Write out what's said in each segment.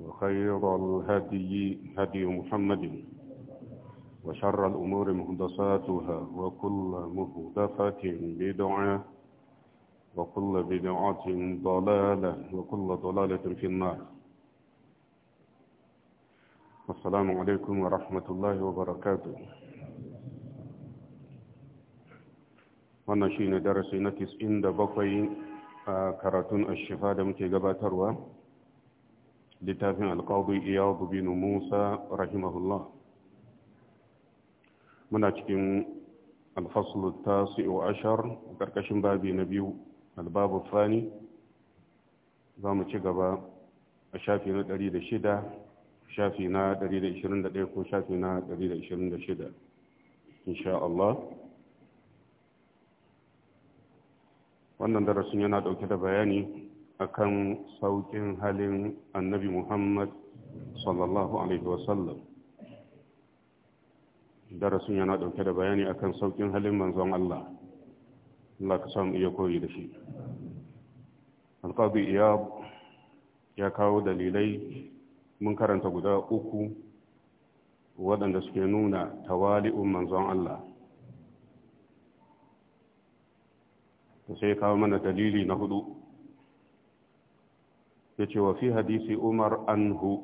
وخير الهدي هدي محمد وشر الأمور مهدساتها وكل مهدفة بدعة وكل بدعة ضلالة وكل ضلالة في النار السلام عليكم ورحمة الله وبركاته wannan shine darasi na 97 a karatun ashifa da muke gabatarwa littafin alƙawbi iyawu bin musa rahimahullah muna cikin alfaslu tasi wa ashar ƙarƙashin babi na biyu albabu fani za mu ci gaba a shafi na 106 shafi na 121 ko shafi na 126 insha Allah wannan darasin yana dauke da bayani akan saukin halin annabi Muhammad sallallahu alaihi wasallam darasin yana ɗauke da bayani akan saukin halin manzon Allah Allah ka samu iya koyi da shi alqadi iyab ya kawo dalilai mun karanta guda uku waɗanda suke nuna tawali'un manzon Allah sai kawo mana dalili na hudu ya ce wa fi hadisi umar anhu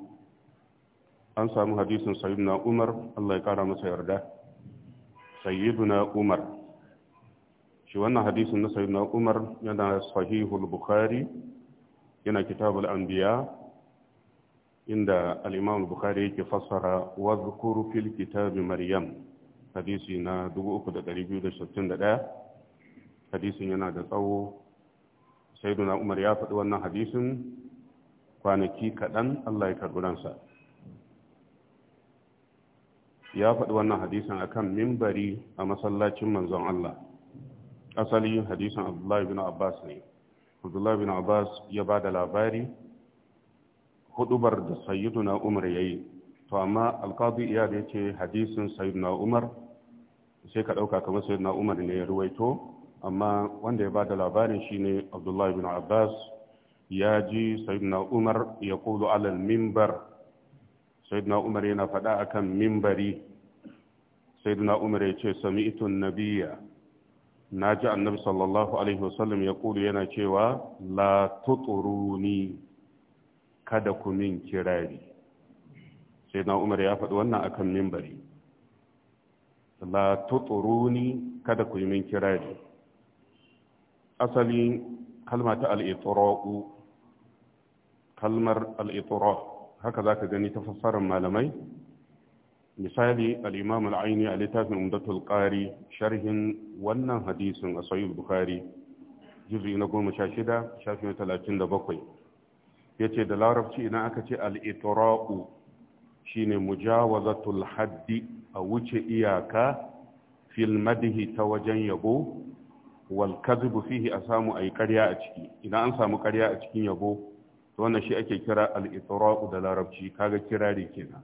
an samu hadisin sayyiduna umar allah ya kara masa yarda sayyiduna umar shi wannan hadisin na sayyiduna umar yana sahihul bukhari yana kitabul anbiya inda al-imam bukhari yake fassara wa dhkuru fil kitabi maryam hadisi na 3261 hadisin yana da tsawo sayyiduna umar ya faɗi wannan hadisin kwanaki kaɗan Allah ya karɓi ransa ya faɗi wannan hadisin akan mimbari a masallacin manzon Allah asali hadisan Abdullahi bin Abbas ne Abdullahi bin Abbas ya ba da labari hudubar da sayyiduna Umar yayi to amma alqadi iyad ya ce hadisin sayyiduna Umar sai ka ɗauka kamar sayyiduna Umar ne ya ruwaito amma wanda ya ba da labarin shine Abdullahi bin Abbas ya ji sayyidina umar ya kudu alal mimbar sayyidina umar yana faɗa akan mimbari sayyidina umar ya ce sami'tun nabiyya na ji annabi sallallahu alaihi wasallam ya kudu yana cewa la tuturuni kada ku min kirari sayyidina umar ya faɗi wannan akan mimbari la tuturuni kada ku min kirari asali kalma ta al'itra'u kalmar al'ituraf haka za ka gani ta fassarar malamai misali al'imam al'aini a littafin umdatul ƙari sharhin wannan hadisin a sayi bukari juzi na goma sha shida shafin talatin da bakwai ya ce da larabci idan aka ce al'itura'u shi ne mujawazatul haddi a wuce iyaka fil madihi ta wajen yabo wal kazibu fihi a samu a yi ƙarya a ciki idan an samu ƙarya a cikin yabo to wannan shi ake kira al da larabci kaga kirari kenan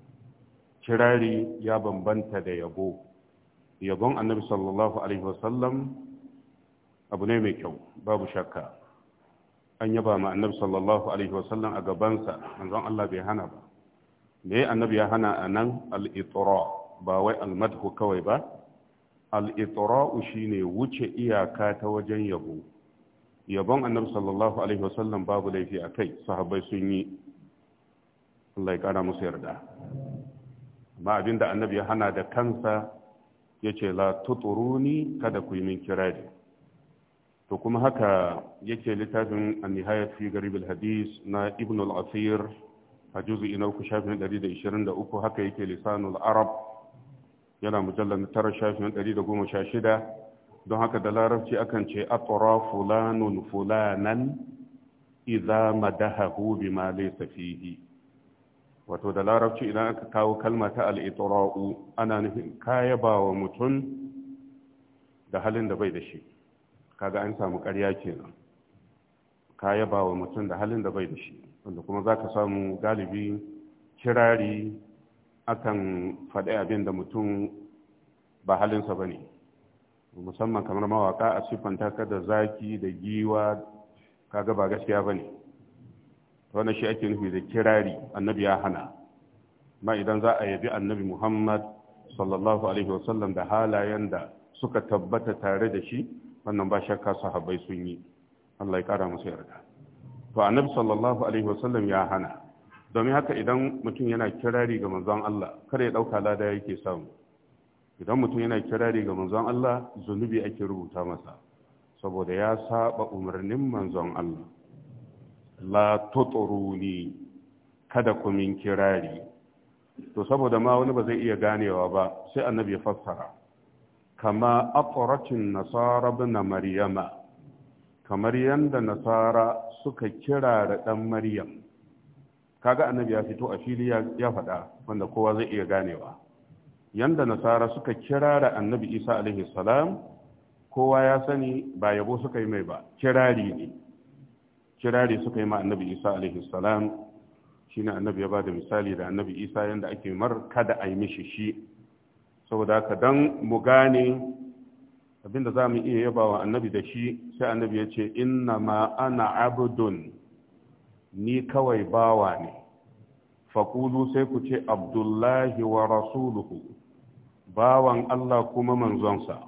kirari ya bambanta da yabo yabon annabi sallallahu alaihi wasallam abu ne mai kyau babu shakka an yaba ma annabi sallallahu alaihi wasallam a gabansa manzon Allah bai hana ba me annabi ya hana anan al-itra ba wai almadhu kawai ba al-itra shine wuce iyaka ta wajen yabo yabon annabi sallallahu alaihi wasallam babu laifi a kai sahabbai sun yi Allah ya kara musu yarda amma abinda annabi ya hana da kansa ya ce la tuturuni kada ku yi min kirari to kuma haka yake littafin an nihayat fi garib hadis na ibn al-asir a juz'i na uku shafin 123 haka yake lisanul arab yana mujallar tara shafin 116 don haka da larabci akan ce atara fulanun fulanan idza madahahu bima laysa fihi wato da larabci idan aka kawo kalma ta al-itra'u ana nufin kayaba wa mutum da halin da bai da shi kaga an samu ƙarya kenan kayaba wa mutum da halin da bai da shi wanda kuma zaka samu galibi kirari akan faɗi abin da mutum ba halinsa ba ne musamman kamar mawaka a siffanta ka da zaki da giwa kaga ba gaskiya ba ne wanda shi ake nufi da kirari annabi ya hana ma idan za a yabi annabi muhammad sallallahu alaihi wasallam da halayen da suka tabbata tare da shi wannan ba shakka sahabbai sun yi allah ya kara musu yarda to annabi sallallahu alaihi wasallam ya hana domin haka idan mutum yana kirari ga manzon allah kada ya dauka lada yake samu idan mutum yana kirari ga manzon Allah zunubi ake rubuta masa saboda ya saba umarnin manzon Allah la tuturuni kada ku min kirari to saboda ma wani ba zai iya ganewa ba sai annabi ya fassara kama aqratin nasara ibn maryama kamar yanda nasara suka kira da dan maryam kaga annabi ya fito a fili ya faɗa wanda kowa zai iya ganewa yanda nasara suka kirara annabi isa alaihi salam kowa ya sani ba yabo suka yi mai ba kirari ne kirari suka yi ma annabi isa alaihi salam Shi ne annabi ya da misali da annabi isa yanda ake mar kada a yi mishi shi saboda haka dan mu gane abinda za mu iya yaba wa annabi da shi sai annabi ya ce inna ma ana abudun ni kawai bawa ne faƙulu sai ku ce abdullahi wa rasuluhu bawan Allah kuma manzonsa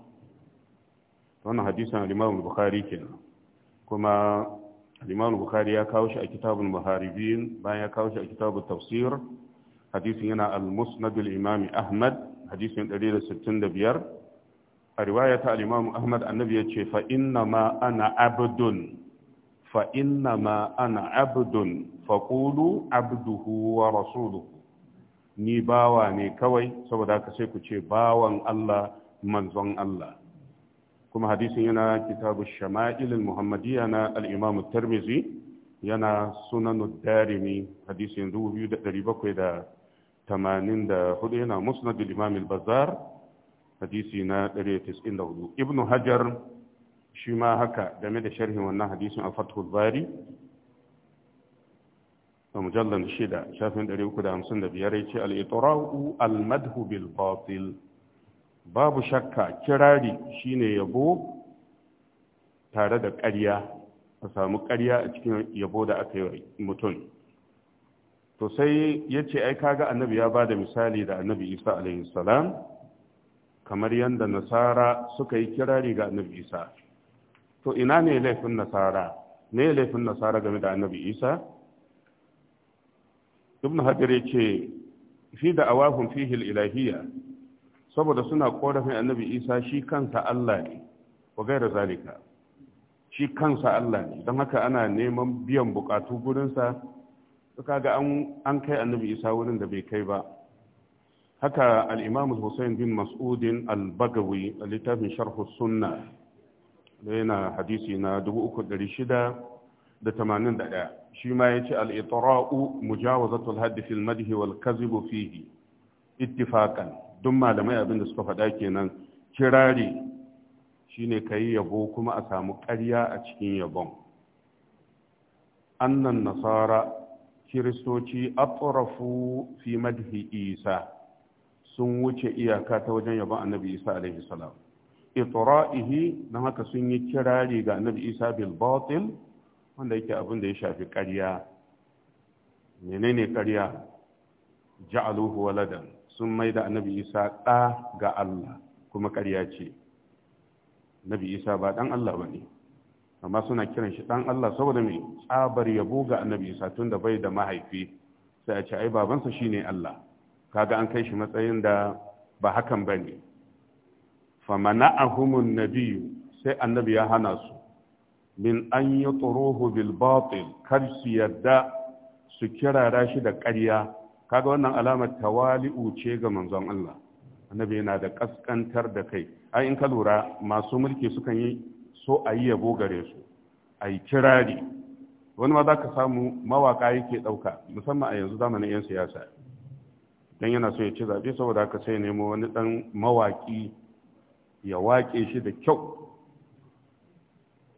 wannan hadisan al-Imam Bukhari kenan kuma al-Imam Bukhari ya kawo shi a kitabul muharibin bayan ya kawo shi a kitabul tafsir hadisin yana al-Musnad al-Imam Ahmad hadisin 165 a riwaya ta al-Imam Ahmad annabi ya ce fa inna ma ana abdun fa inna ma ana abdun fa faqulu abduhu wa rasuluhu ni bawa ne kawai saboda haka sai ku ce bawan Allah manzon Allah kuma hadisin yana kitabu shama'ilin muhammadiyya na al-imam yana sunanud darimi hadisin 2784 yana musnad al-imam al hadisi na 194 ibnu hajar shi ma haka game da sharhin wannan hadisin a fathul bari a mujallar shida shafin 355 ya ce al'itura'u al-madhu bil batil babu shakka kirari shine yabo tare da ƙarya a samu ƙarya a cikin yabo da aka yi mutum to sai ya ce ai kaga annabi ya ba da misali da annabi isa alaihi kamar yadda nasara suka yi kirari ga annabi isa to ina ne laifin nasara ne laifin nasara game da annabi isa ibn hajar ya ce fi da awahun fihil ilahiya saboda suna korafin annabi isa shi kansa allah ne wa gaira zalika shi kansa allah ne don haka ana neman biyan bukatu gurinsa ga an kai annabi isa wurin da bai kai ba haka al'imamu hussein bin mas'udin al-bagawi a littafin sharhu sunna da yana hadisi na 3600 da 81 shi ma yace al-itra'u mujawazatul hadd fil madhi wal kadhib fihi ittifaqan duk malamai abin da suka faɗa kenan kirari shine kai yabo kuma a samu ƙarya a cikin yabon annan nasara kiristoci atrafu fi madhi isa sun wuce iyaka ta wajen yabon annabi isa alaihi salam itra'ihi don haka sun yi kirari ga annabi isa bil batil wanda yake abin da ya shafi ƙarya menene ƙarya ja'aluhu waladan sun mai da annabi isa ɗa ga Allah kuma ƙarya ce annabi isa ba ɗan Allah ba ne amma suna kiran shi ɗan Allah saboda mai tsabar yabo ga annabi isa tun da bai da mahaifi sai a ce ai babansa shine Allah kaga an kai shi matsayin da ba hakan ba ne Fa mana'ahumun nabiyu sai annabi ya hana su min an yi turuhu bil kar su yadda su kirara shi da ƙarya kaga wannan alamar tawali'u ce ga manzon Allah annabi yana da kaskantar da kai ai in ka lura masu mulki sukan yi so a yi yabo gare su a yi kirari wani ma za ka samu mawaka yake ɗauka musamman a yanzu zamanin 'yan siyasa don yana so ya ci zaɓe saboda haka sai nemo wani ɗan mawaki ya waƙe shi da kyau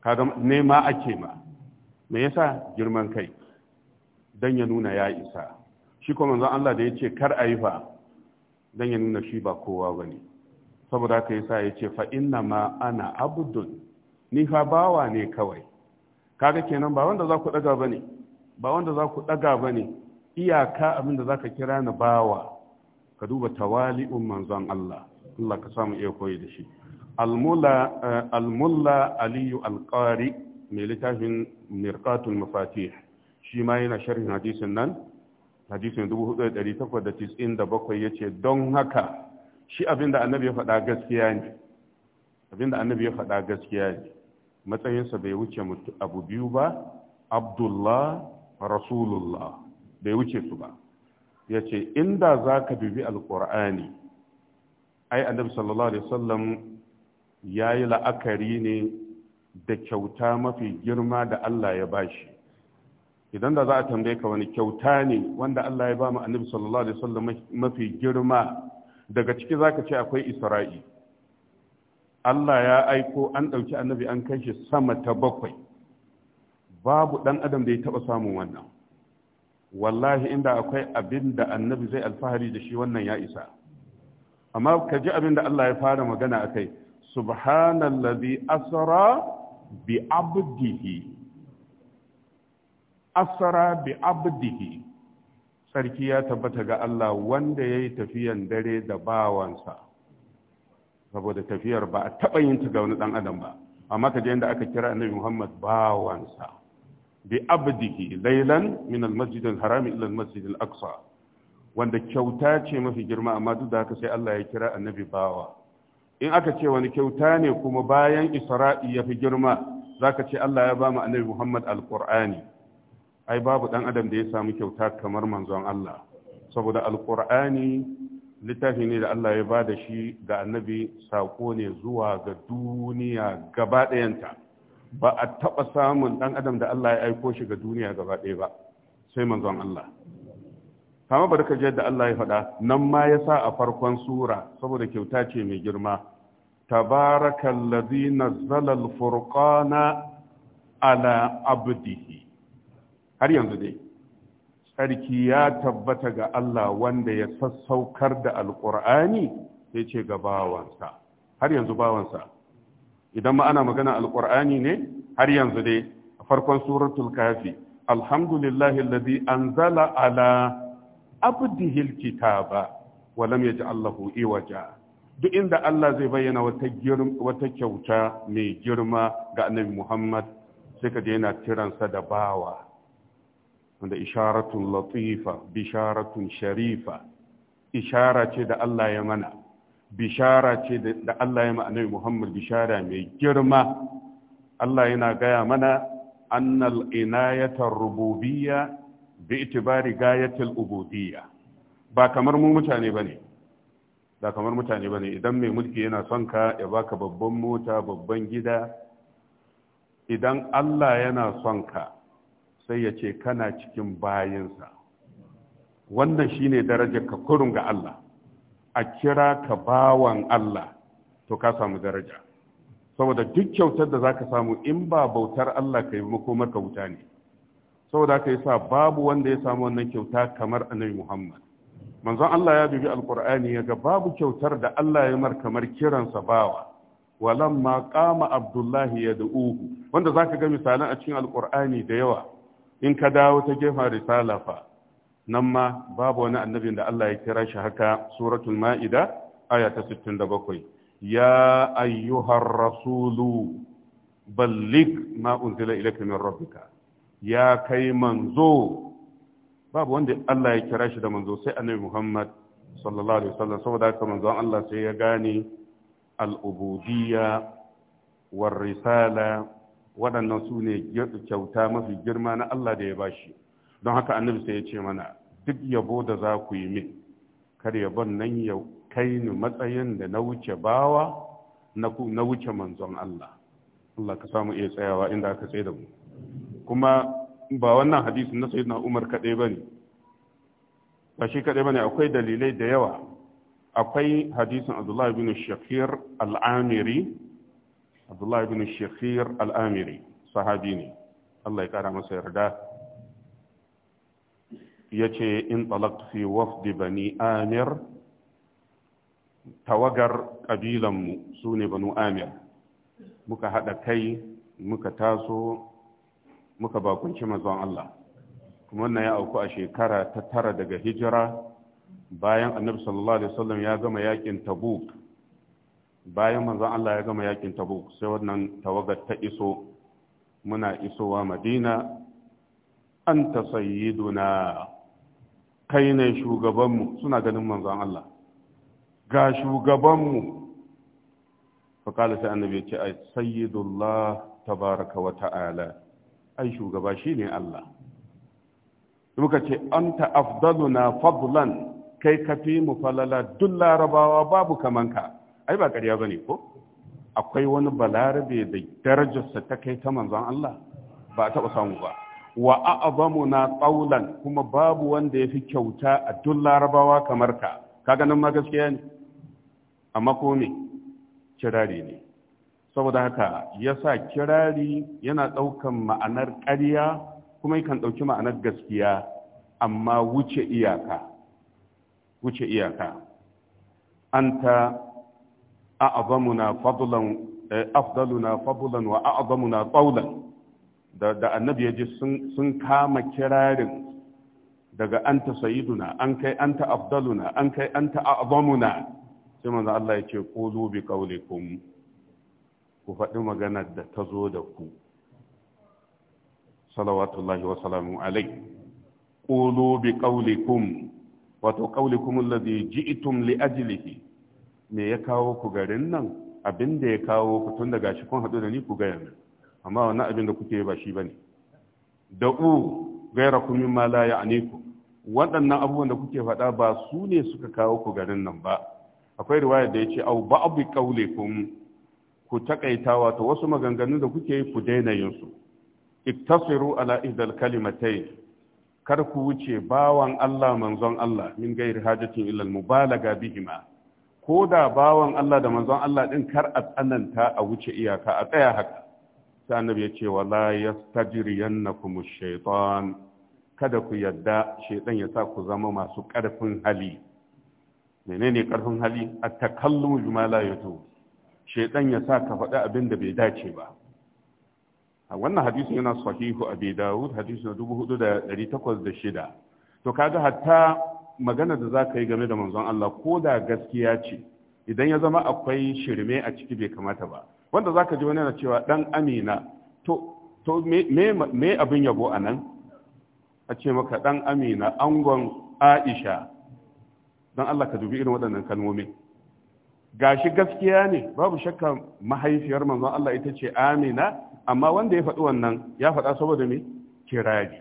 kaga nema ake ma me yasa girman kai dan ya nuna ya isa shi kuma manzon Allah da yace kar a yi fa dan ya nuna shi ba kowa bane saboda haka yasa yace fa inna ma ana abdun ni fa bawa ne kawai kaga kenan ba wanda za ku daga bane ba wanda za ku daga bane iyaka abin da zaka kira ni bawa ka duba tawali'un manzon Allah Allah ka samu iya koyi da shi Eh, almulla aliyu alƙari mai littafin mirkatul mafatih shi ma yana sharhin hadisin nan hadisin 4897 ya ce don haka shi abinda annabi ya faɗa gaskiya ne abinda annabi ya faɗa gaskiya ne matsayinsa bai wuce abu biyu ba abdullah rasulullah bai wuce su ba ya ce inda za ka dubi alƙur'ani ai annabi sallallahu alaihi wasallam ya yi la'akari ne da kyauta mafi girma da Allah ya ba shi. idan da za a tambaye ka wani kyauta ne wanda Allah ya ba mu annabi sallallahu alaihi wasallam mafi girma daga ciki zaka ce akwai Isra'i Allah ya aiko an ɗauki annabi an kai shi sama ta bakwai babu ɗan adam da ya taɓa samun wannan wallahi inda akwai abin da annabi zai alfahari da shi wannan ya isa amma ka ji abin da Allah ya fara magana a kai subhanallazi asra bi abdihi asra bi sarki ya tabbata ga Allah wanda yayi tafiyan dare da bawansa saboda tafiyar ba a taba yin ta ga wani dan adam ba amma je inda aka kira annabi Muhammad bawansa bi abdihi laylan min al-masjid al-haram ila al-masjid al-aqsa wanda kyauta ce mafi girma amma duk da haka sai Allah ya kira annabi bawa in aka ce wani kyauta ne kuma bayan isra'i ya fi girma za ka ce Allah ya ba mu annabi Muhammad alƙur'ani ai babu ɗan adam da ya samu kyauta kamar manzon Allah saboda alƙur'ani littafi ne da Allah ya ba da shi ga annabi saƙo ne zuwa ga duniya gaba ɗayanta ba a taɓa samun ɗan adam da Allah ya aiko shi ga duniya gaba ɗaya ba sai manzon Allah kama bari ka yadda Allah ya faɗa nan ma ya sa a farkon sura saboda kyauta ce mai girma tabarakallazi nazzala al-furqana ala abdihi har yanzu dai sarki ya tabbata ga Allah wanda ya sassaukar da alƙur'ani sai ce ga bawansa har yanzu bawansa idan ma ana magana alƙur'ani ne har yanzu dai a farkon suratul kafi alhamdulillahi allazi anzala ala abdihi alkitaba wa lam yaj'al lahu iwaja duk inda Allah zai bayyana wata wata kyauta mai girma ga Annabi Muhammad sai ka yana kiransa da bawa wanda isharatun latifa bisharatun sharifa ishara ce da Allah ya mana bishara ce da Allah ya ma'anar Muhammad bishara mai girma Allah yana gaya mana annal inayatar rububiyya bi itibari gayatul ubudiyya ba kamar mu mutane bane ba kamar mutane bane idan mai mulki yana son ka ya baka babban mota babban gida idan Allah yana son ka sai ya ce kana cikin bayinsa wannan shine darajar ka kurun ga Allah a kira ka bawan Allah to ka samu daraja saboda duk kyautar da zaka samu in ba bautar Allah kai makomar ka wuta ne saboda yi sa, babu wanda ya samu wannan kyauta kamar annabi Muhammad manzon Allah ya bibi alkur'ani ya ga babu kyautar da Allah ya mar kamar kiransa bawa ma qama abdullahi da'ugu. wanda zaka ga misalan a cikin alkur'ani da yawa in ka dawo ta gefen risala fa nan ma babu wani annabin da Allah ya kira shi haka suratul ma'ida aya ta 67 ya ayyuhar rasulu ballig ma unzila ilayka min rabbika ya kai manzo babu wanda Allah ya kira shi da manzo sai annabi Muhammad sallallahu alaihi wasallam saboda haka manzon Allah sai ya gane al-ubudiyya war risala waɗannan su ne kyauta mafi girma na Allah da ya bashi don haka annabi sai ya ce mana duk yabo da za ku yi min kar yabon nan ya kai ni matsayin da na wuce bawa na wuce manzon Allah Allah ka samu iya tsayawa inda aka tsaye da mu kuma ba wannan hadisin na sayyidina Umar kadai ne. ba shi kadai ne akwai dalilai da yawa akwai hadisin Abdullahi bin Shakir al-Amiri Abdullah Shakir al-Amiri sahabi ne Allah ya kara masa yarda yace in talaqtu fi wafd bani Amir tawagar ƙabilanmu su ne banu Amir muka haɗa kai muka taso muka bakunci manzon Allah kuma wannan ya auku a shekara ta tara daga hijira bayan annabi sallallahu alaihi wasallam ya gama yakin tabuk bayan manzon Allah ya gama yakin tabuk sai wannan tawagar ta iso muna isowa madina an ta sayyiduna kai ne shugabanmu suna ganin manzon Allah ga shugabanmu faƙala sai annabi ya ce a sayyidullah tabaraka wa ta'ala ai shugaba shine Allah muka ce anta afdaluna fadlan kai kafi mu falala duk larabawa babu kaman ka ai ba ƙarya bane ko akwai wani balarabe da darajarsa ta kai ta manzon Allah ba a taɓa samu ba wa na qawlan kuma babu wanda yafi kyauta a duk larabawa kamar ka kaga nan ma gaskiya ne amma ko me kirari ne saboda haka ya sa kirari yana ɗaukan ma'anar ƙarya kuma yakan ɗauki ma'anar gaskiya amma wuce iyaka wuce iyaka anta a'zamuna fadlan eh, afdaluna fadlan wa a'azamuna tsaulan da da annabi ya sun sun kama kirarin daga anta sayyiduna an kai anta afdaluna an kai anta a'azamuna sai manzo Allah ya ce qulu bi qawlikum ku faɗi maganar da ta zo da ku salawatullahi wa salamu alai ƙulu bi qawlikum wato qawlikum alladhi ji'tum li ajlihi me ya kawo ku garin nan abin da ya kawo ku tun daga shi kun haɗu da ni ku gaya min amma wannan abin da kuke ba shi bane da'u gairakum a la ku. waɗannan abubuwan da kuke faɗa ba su ne suka kawo ku garin nan ba akwai riwaya da ya ce au ba'abu qawlikum ku takaita wato wasu maganganun da kuke yi ku daina yin su iktasiru ala idal kalimatai kar ku wuce bawan Allah manzon Allah min gairi hajatin illa mubalaga bihima ko da bawan Allah da manzon Allah din kar a tsananta a wuce iyaka a tsaya haka sai annabi ya ce wala yastajriyannakum ash-shaytan kada ku yadda shaytan ya sa ku zama masu karfin hali menene karfin hali at-takallumu bima la yatu shaidan ya sa ka faɗi abin da bai dace ba a wannan hadisin yana sahihu a dawud hadisi na 4806 to kaga hatta magana da za ka yi game da manzon Allah ko da gaskiya ce idan ya zama akwai shirme a ciki bai kamata ba wanda za ka ji wani yana cewa ɗan amina to me abin yabo a nan a ce maka ɗan amina angon aisha don Allah ka dubi irin waɗannan kalmomin gashi gaskiya ne babu shakka mahaifiyar manzon Allah ita ce Amina amma wanda ya faɗi wannan ya faɗa saboda me kirari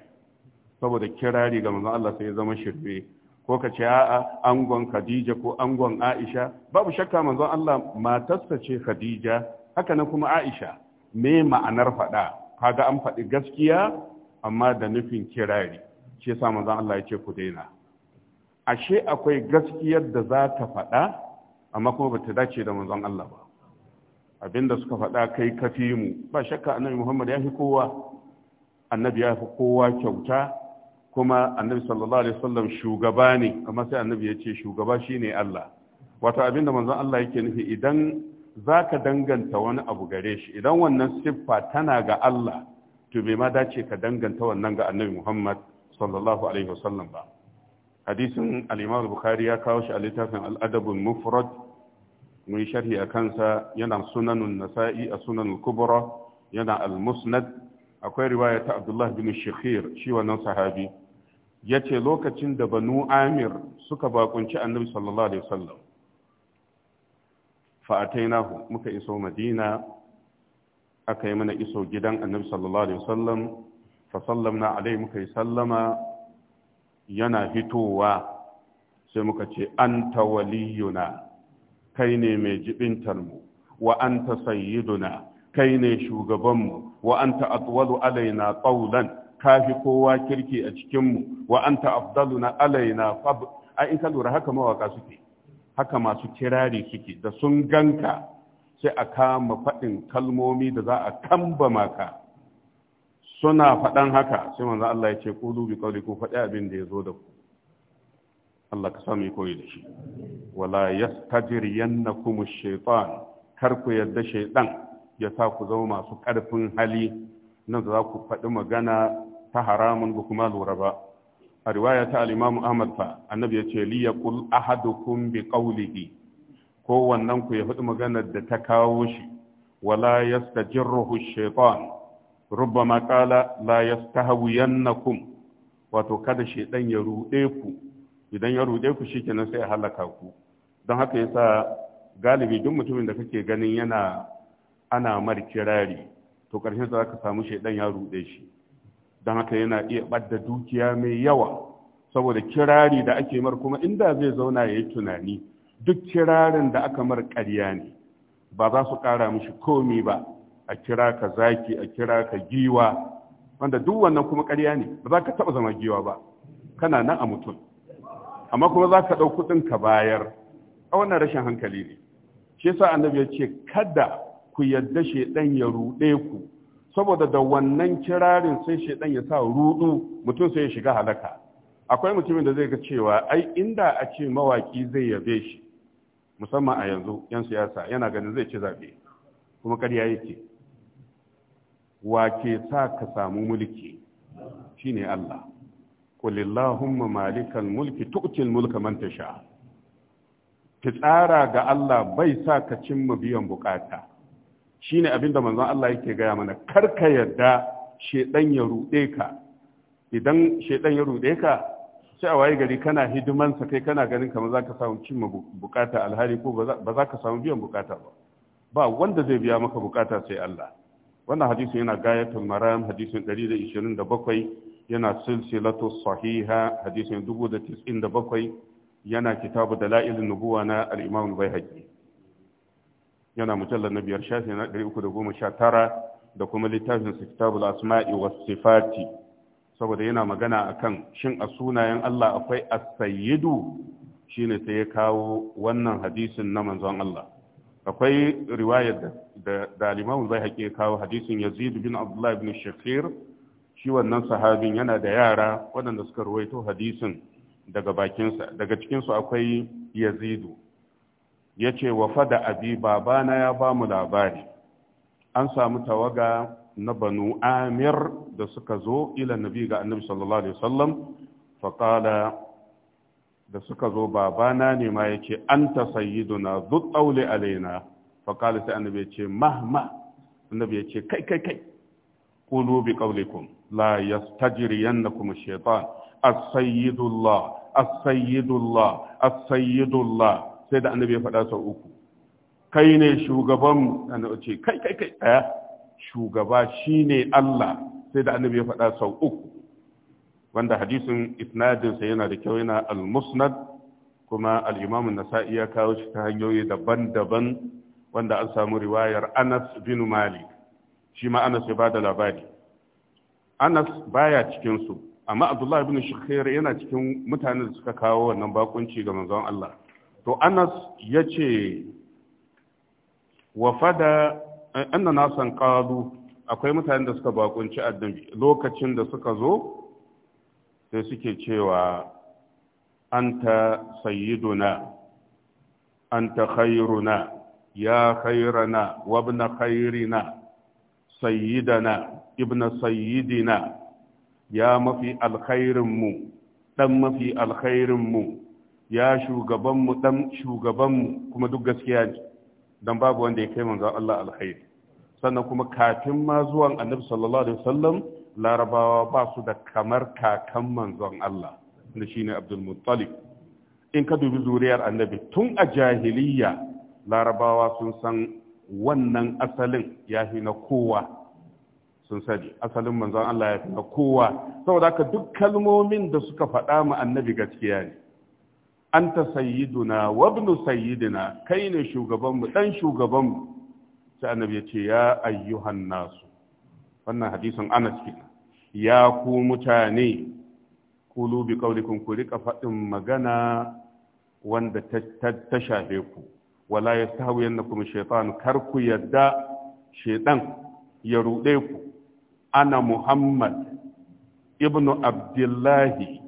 saboda kirari ga manzon Allah sai ya zama shirme ko ka ce a'a angon Khadija ko angon Aisha babu shakka manzon Allah matarsa ce Khadija haka nan kuma Aisha me ma'anar faɗa kaga an faɗi gaskiya amma da nufin kirari shi yasa manzon Allah ya ce ku daina ashe akwai gaskiyar da za ta faɗa amma kuma bata dace da manzon Allah ba abinda suka faɗa kai fi mu ba shakka annabi Muhammad ya fi kowa annabi ya fi kowa kyauta kuma annabi sallallahu alaihi wasallam shugaba ne amma sai annabi ya ce shugaba shine Allah wato abinda manzon Allah yake nufi idan zaka danganta wani abu gare shi idan wannan siffa tana ga Allah to bai ma dace ka danganta wannan ga annabi Muhammad sallallahu alaihi wasallam ba hadisin al-Imam al-Bukhari ya kawo shi a littafin al-Adab al mun sharhi a kansa yana sunanun nasa'i a sunan kubra yana al-musnad akwai riwaya ta abdullah bin shakhir shi wannan sahabi ya ce lokacin da banu amir suka bakunci annabi sallallahu alaihi wasallam fa'atainahu muka iso madina aka yi mana iso gidan annabi sallallahu alaihi wasallam fa sallamna alaihi muka yi sallama yana fitowa sai muka ce anta waliyuna kai ne mai jibintar mu wa anta sayyiduna kai ne shugaban mu wa anta atwalu alaina qawlan kafi kowa kirki a cikin mu wa anta afdaluna alaina fab ai in ka lura haka mawaka suke haka masu kirari suke da sun ganka sai a kama faɗin kalmomi da za a kamba maka suna faɗan haka sai manzo Allah ya ce qulu bi qawli ku faɗi abin da ya zo da ku Allah ka sami koyi da shi wala ya yastajriyannakum ash kuma kar ku yadda shaitan ya sa ku zama masu ƙarfin hali nan za ku faɗi magana ta haramun ba kuma lura ba a riwaya ta Alimamu Ahmad fa annabi ya ce li kul ahadukum bi qawlihi ko wannan ku ya faɗi magana da ta kawo shi wala yastajirruhu ash shaitan rubbama qala la yastahwiyannakum wato kada shaitan ya rude ku idan ya ruɗe ku shi kenan sai ya halaka ku don haka yasa galibi duk mutumin da kake ganin yana ana mar kirari to ƙarshen za ka samu shaidan ya ruɗe shi don haka yana iya ɓadda dukiya mai yawa saboda kirari da ake mar kuma inda zai zauna ya yi tunani duk kirarin da aka mar ƙarya ne ba za su ƙara mishi komi ba a kira ka zaki a kira ka giwa wanda duk wannan kuma ƙarya ne ba za ka taɓa zama giwa ba kana nan a mutum amma kuma za ka ɗau kuɗin ka bayar a wannan rashin hankali ne shi yasa annabi ya ce kada ku yadda shaidan ya ruɗe ku saboda da wannan kirarin sai shaidan ya sa ruɗu mutum sai ya shiga halaka akwai mutumin da zai ga cewa ai inda a ce mawaki zai yabe shi musamman a yanzu yan siyasa yana ganin zai ci zaɓe kuma karya yake wa ke sa ka samu mulki shine Allah kulillahumma malikan mulki tu'til mulka man tasha fitsara ga Allah bai sa ka cimma biyan bukata shine abinda manzon Allah yake gaya mana karka yadda shedan ya rude ka idan shedan ya rude ka sai a waye gari kana hidiman sa kai kana ganin kamar zaka samu cimma bukata alhali ko ba za ka samu biyan bukata ba ba wanda zai biya maka bukata sai Allah wannan hadisin yana gayatul maram hadisin 127 yana silsilatu sahiha hadisin bakwai yana kitabu la'ilin nubuwa na al bai al yana mujallar na biyar shafi na uku da kuma littafin su kitabu asma'i was sifati saboda yana magana akan shin a sunayen Allah akwai Asayidu? Shi shine sai ya kawo wannan hadisin na manzon Allah akwai riwayar da da al-imam ya kawo hadisin yazid bin abdullah bin shakir shi wannan sahabin yana da yara waɗanda suka ruwaito hadisin daga bakinsa daga cikinsu akwai yazidu ya ce wa da abi babana ya ba mu labari an samu tawaga na banu amir da suka zo ila nabi ga annabi sallallahu alaihi wasallam faƙala da suka zo babana ne ma ya ce an ta sayyiduna duk ɗaule alaina faƙala sai annabi ya ce mahma annabi ya ce kai kai kai ƙulu bi ƙaulikum la yastajriyannakum ash Shaitan. as-sayyidullah as-sayyidullah as-sayyidullah sai da annabi ya faɗa sau uku kai ne shugaban annabi ce kai kai kai ɗaya shugaba shine Allah sai da annabi ya faɗa sau uku wanda hadisin isnadinsa yana da kyau yana al-musnad kuma al-imam an-nasa'i ya kawo shi ta hanyoyi daban-daban wanda an samu riwayar Anas bin Malik shi ma Anas ya bada labari Anas baya cikin su amma Abdullah ibn Shukhair yana cikin mutanen da suka kawo wannan bakunci ga manzon Allah to Anas yace fada eh, anna nasan qalu akwai mutanen da suka bakunci addini lokacin da suka zo sai suke cewa anta sayyiduna anta khairuna ya khairana wa ibn khairina sayyidana ibn sayyidina ya mafi alkhairinmu ɗan mafi alkhairinmu ya shugabanmu ɗan shugabanmu kuma duk gaskiya ne don babu wanda ya kai manzan Allah alkhairi sannan kuma kafin ma zuwan annabi sallallahu alaihi wasallam larabawa ba su da kamar kakan manzon Allah da shine Abdul Muttalib in ka dubi zuriyar annabi tun a jahiliya larabawa sun san wannan asalin ya na kowa sun sani asalin manzon Allah ya fita kowa saboda ka duk kalmomin da suka faɗa mu annabi gaskiya ne anta sayyiduna wa ibnu sayyidina kai ne shugaban mu dan shugaban mu sai annabi ya ce ya ayyuhan nasu wannan hadisin Anas ciki. ya ku mutane kulu bi qaulikum ku rika faɗin magana wanda ta shafe ku wala yastahwiyannakum shaytan kar ku yadda shaytan ya rude ku ana Muhammad ibnu Abdullahi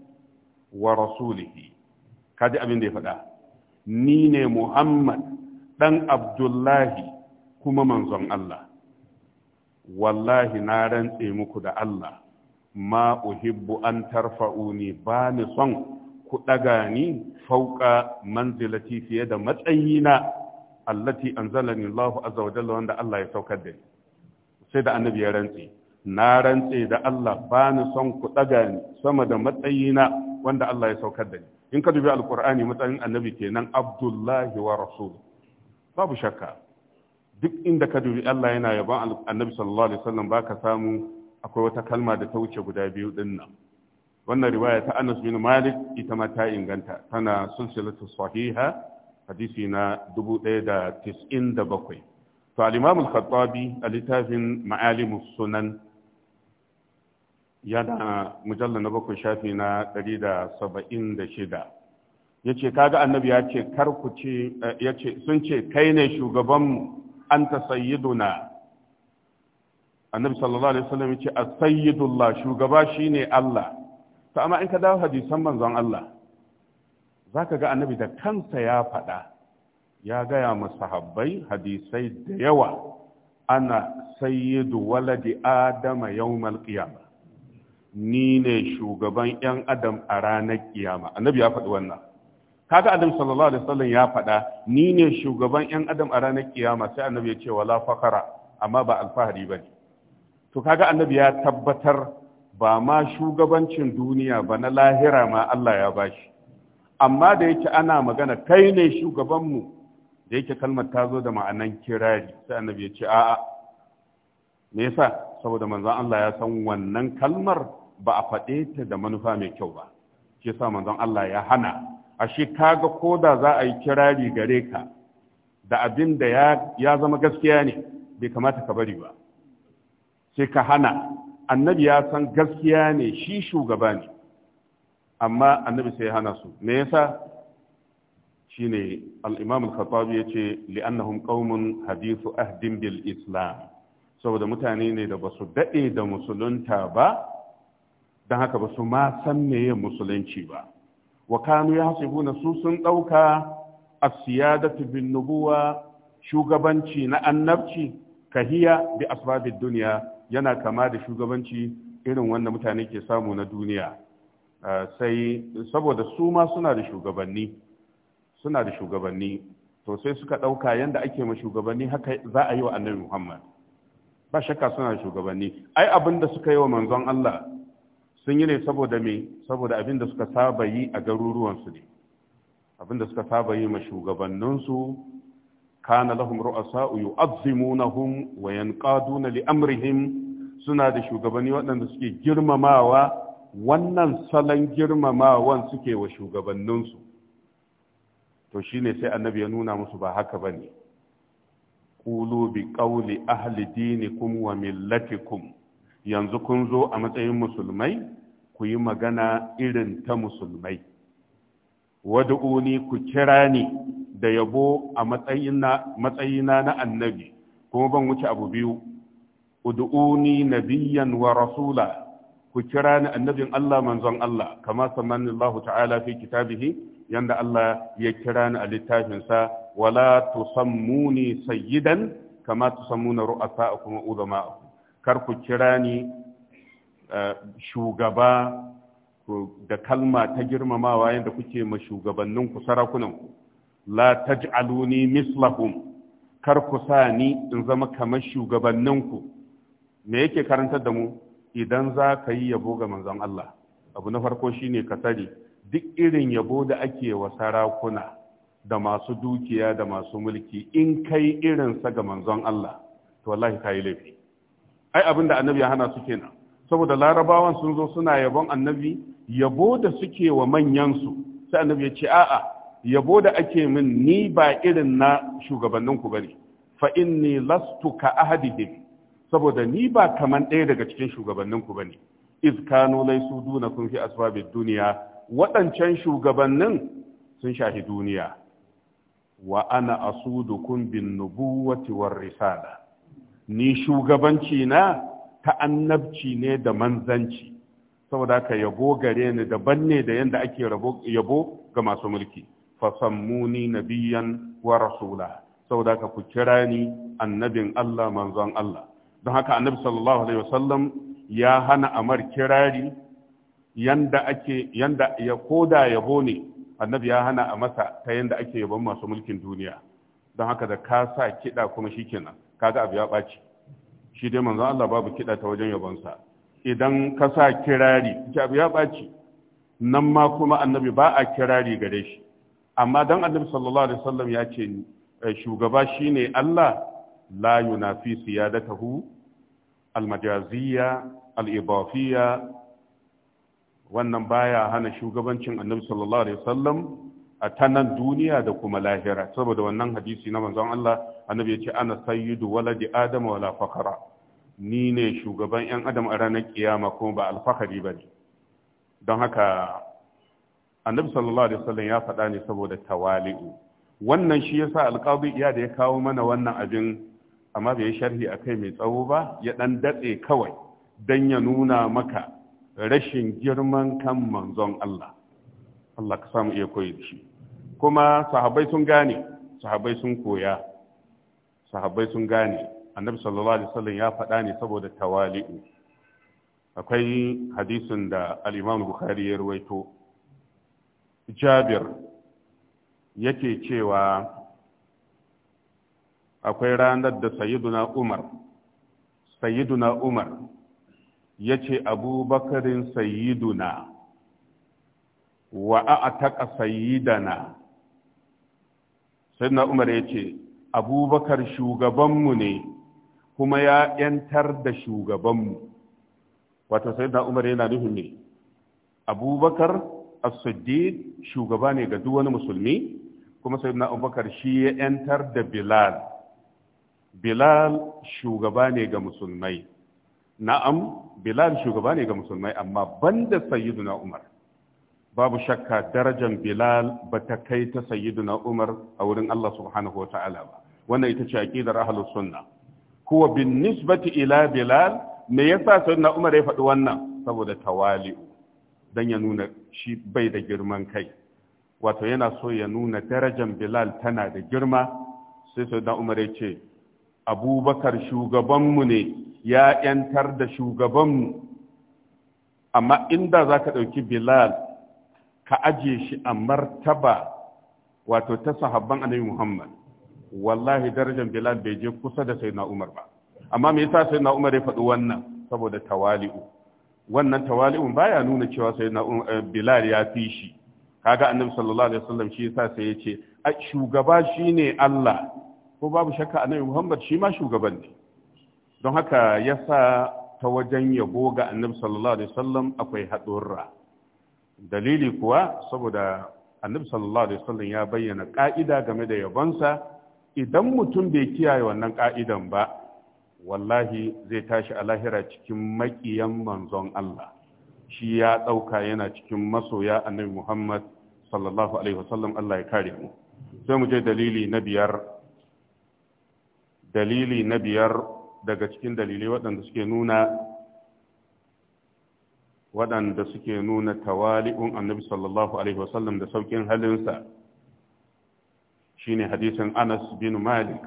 wa rasulihi kaji abin da ya faɗa ni ne Muhammad ɗan Abdullahi kuma manzon Allah wallahi na rantse muku da Allah ma uhibbu an tarfa'uni ba ni son ku ɗaga ni fauƙa manzilati fiye da matsayina allati anzalani Allah azza wa jalla wanda Allah ya saukar da ni sai da annabi ya rantse na rantse da Allah ba ni son ku ɗaga sama da matsayina wanda Allah ya saukar da ni in ka dubi alkur'ani matsayin annabi kenan abdullahi wa rasul babu shakka duk inda ka dubi Allah yana yabon annabi sallallahu alaihi wasallam baka samu akwai wata kalma da ta wuce guda biyu din nan wannan riwaya ta Anas bin Malik ita ma ta inganta tana silsilatu sahiha hadisi na 1097 to al-Imam al-Khattabi a littafin Ma'alimus Sunan yana mujallar na bakwai shafi na 176 ya ce kaga annabi ya ce ku ce eh, ya ce sun ce kai ne shugabanmu an ta sayyiduna annabi sallallahu alaihi wasallam ya ce a sayyidullah shugaba shine Allah to amma in ka dawo hadisan manzon Allah zaka ga annabi da kansa ya faɗa ya gaya ma sahabbai hadisai da yawa ana sayyidu waladi adama yawmal qiyamah ni ne shugaban 'yan adam a ranar kiyama annabi ya faɗi wannan kaga adam sallallahu alaihi wasallam ya faɗa ni ne shugaban 'yan adam a ranar kiyama sai annabi ya ce wala fakara amma ba alfahari ba ne to kaga annabi ya tabbatar ba ma shugabancin duniya ba na lahira ma Allah ya bashi amma da yake ana magana kai ne shugabanmu da yake kalmar ta zo da ma'anan kirari sai annabi ya ce a'a me yasa saboda manzon Allah ya san wannan kalmar ba a faɗe ta da manufa mai kyau ba ke sa manzon Allah ya hana shi kaga ko da za a yi kirari gare ka da abin da ya zama gaskiya ne bai kamata ka bari ba sai ka hana annabi ya san gaskiya ne shi shugaba ne amma annabi sai ya hana su me yasa shine al-imam al-khattabi yace li'annahum qaumun hadithu ahdin bil islam saboda mutane ne da basu su daɗe da musulunta ba don haka basu su ma san meye musulunci ba wa kanu ya na su sun ɗauka a siyadatu bin nubuwa shugabanci na annabci kahiya bi asbabid duniya yana kama da shugabanci irin wanda mutane ke samu na duniya eh, sai saboda su ma suna da shugabanni suna da shugabanni to sai suka ɗauka yanda ake ma shugabanni haka za a yi wa annabi muhammad ba shakka suna shugabanni ai abin da suka yi wa manzon Allah sun yi ne saboda me saboda abin da suka saba yi a garuruwansu ne abin da suka saba yi ma shugabanninsu kana lahum ru'asa yu'azzimunahum wa yanqaduna li amrihim suna da shugabanni waɗanda suke girmamawa wannan salon girmamawan suke wa shugabanninsu to shine sai annabi ya nuna musu ba haka bane qulu bi qawli ahli dinikum wa millatikum yanzu kun zo a matsayin musulmai ku yi magana irin ta musulmai wad'uni ku kira ni da yabo a matsayina na annabi kuma ban wuce abu biyu ud'uni nabiyyan wa rasula ku kira ni annabin Allah manzon Allah kama samanallahu ta'ala fi kitabihi yanda Allah ya kira ni a littafinsa wala tusammuni sayyidan kama tusammuna ru'asa kuma ulama. kar ku kira ni eh, shugaba da kalma ta girmamawa yanda kuke ma shugabannin ku sarakunan ku la taj'aluni mislahum kar ku sa ni in zama kamar shugabannin ku me yake karantar da mu idan za ka yi yabo ga manzon Allah abu na farko shine ka sani duk irin yabo da ake wa sarakuna da masu dukiya da masu mulki in kai sa ga manzon Allah to wallahi ka yi laifi ai abin da annabi ya hana su kenan saboda larabawan sun zo suna yabon annabi yabo da suke wa manyansu sai annabi ya ce a'a yabo da ake min ni ba irin na shugabanninku ba ne fa inni lastu ka ahadihim saboda ni ba kaman ɗaya daga cikin shugabannin ku bane iz kanu laisu duna fi asbabid duniya waɗancan shugabannin sun shahi duniya wa ana asudukum bin nubuwati war risala ni shugabanci na ta annabci ne da manzanci saboda ka yabo gare ni daban ne da yanda ake yabo ga masu mulki fasammuni nabiyan wa rasula saboda ka ku kira ni annabin Allah manzon Allah don haka annabi sallallahu alaihi wasallam ya hana amar kirari yanda ake yanda ya koda yabo ne annabi ya hana a masa ta yanda ake yabon masu mulkin duniya don haka da ka sa kiɗa kuma shi kenan kaga abu ya ɓaci shi dai manzon Allah babu kiɗa ta wajen yabonsa idan ka sa kirari ki abu ya ɓaci nan ma kuma annabi ba a kirari gare shi amma dan annabi sallallahu alaihi wasallam ya ce eh, shugaba shine Allah la yunafi siyadatahu al-majaziyya al-idafiyya wannan baya hana shugabancin annabi sallallahu alaihi wasallam a ta nan duniya da kuma lahira saboda wannan hadisi na manzon Allah annabi ya ce ana sayyidu waladi adam wala fakara ni ne shugaban yan adam a ranar kiyama kuma ba alfakari ba ne don haka annabi sallallahu alaihi wasallam ya faɗa ne saboda tawali'u wannan shi yasa alqabi iya da ya kawo mana wannan abin amma bai sharhi akai mai tsawo ba ya dan datse kawai dan ya nuna maka rashin girman kan manzon Allah Allah ka samu iya koyi shi kuma sahabai sun gane sahabbai sun koya sahabbai sun gane annabi sallallahu alaihi wasallam ya faɗa ne saboda tawali'u akwai hadisin da al-Imam Bukhari ya rawaito Jabir yake cewa akwai ranar da sayyiduna Umar sayyiduna Umar ya ce abubakarin sayiduna wa a taƙa sayidana sai na umar ya ce abubakar shugabanmu ne kuma ya ‘yantar da shugabanmu Wata sai na umar yana nufin ne abubakar as-siddiq shugaba ne ga duk wani musulmi kuma sai na abubakar shi ya ‘yantar da bilal bilal shugaba ne ga musulmai na'am bilal shugaba ne ga musulmai amma banda sayyiduna umar babu shakka darajar bilal ba ta kai ta sayyiduna umar a wurin Allah subhanahu wa ta'ala ba wannan ita ce aqidar ahlus sunna huwa bin nisbati ila bilal me yasa sayyiduna umar ya faɗi wannan saboda tawali'u dan ya nuna shi bai da girman kai wato yana so ya nuna darajar bilal tana da girma sai sayyiduna umar ya ce abubakar shugabanmu ne ya ‘yantar da shugabanmu amma inda za ka ɗauki bilal ka ajiye shi a martaba wato ta sahabban annabi muhammad wallahi darajar bilal bai je kusa da sai umar ba amma me yasa sai umar ya faɗi wannan saboda tawali'u wannan Tawali'u baya nuna cewa sai na eh, bilal ya fi shi kaga annabi sallallahu alaihi wasallam shi yasa sai ya ce shugaba shine Allah ko babu shakka annabi muhammad shi ma shugaban ne don haka ya sa ta wajen yabo ga annabi sallallahu alaihi wasallam akwai haɗurra dalili kuwa saboda annabi sallallahu alaihi wasallam ya bayyana ƙa'ida game da yabonsa idan mutum bai kiyaye wannan ƙa'idan ba wallahi zai tashi a lahira cikin makiyan manzon Allah shi ya ɗauka yana cikin masoya annabi Muhammad sallallahu alaihi wasallam Allah ya kare mu sai mu je dalili na biyar dalili na biyar daga cikin dalilai waɗanda suke nuna waɗanda suke nuna tawali'un annabi sallallahu alaihi wasallam da saukin halinsa shine hadisin Anas bin Malik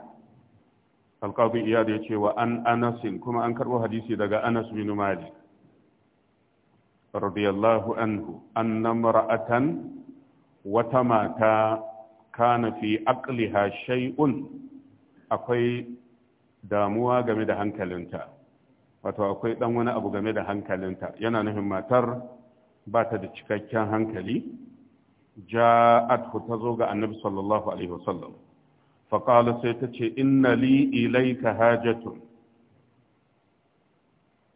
alqabi iyad ya ce wa an Anasin kuma an karɓo hadisi daga Anas bin Malik radiyallahu anhu annam ra'atan wata mata kana fi aqliha shay'un akwai damuwa game da hankalinta wato akwai dan wani abu game da hankalinta yana nufin matar ba ta da cikakken hankali ja'at ta zo ga annabi sallallahu alaihi wasallam faƙala sai ta ce inna li ilaika hajatun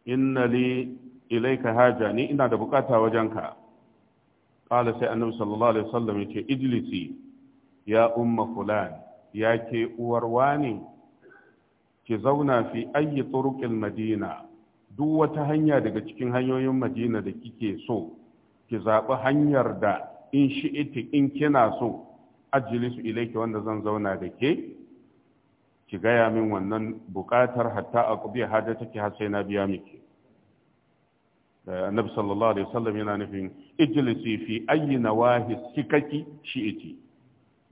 inna li ilaika haja ni ina da bukata wajenka ƙala sai annabi sallallahu alaihi wasallam ya ce ijlisi ya umma fulan ya ke uwar wani ki zauna fi ayi turuqil madina duk wata hanya daga cikin hanyoyin madina da kike so ki zaɓi hanyar da in shi'iti in kina so ajlisu ilayki wanda zan zauna da ke ki gaya min wannan buƙatar hatta a ƙubi hada take har sai na biya miki annabi sallallahu alaihi wasallam yana nufin ijlisi fi ayyi nawahi sikaki shi'iti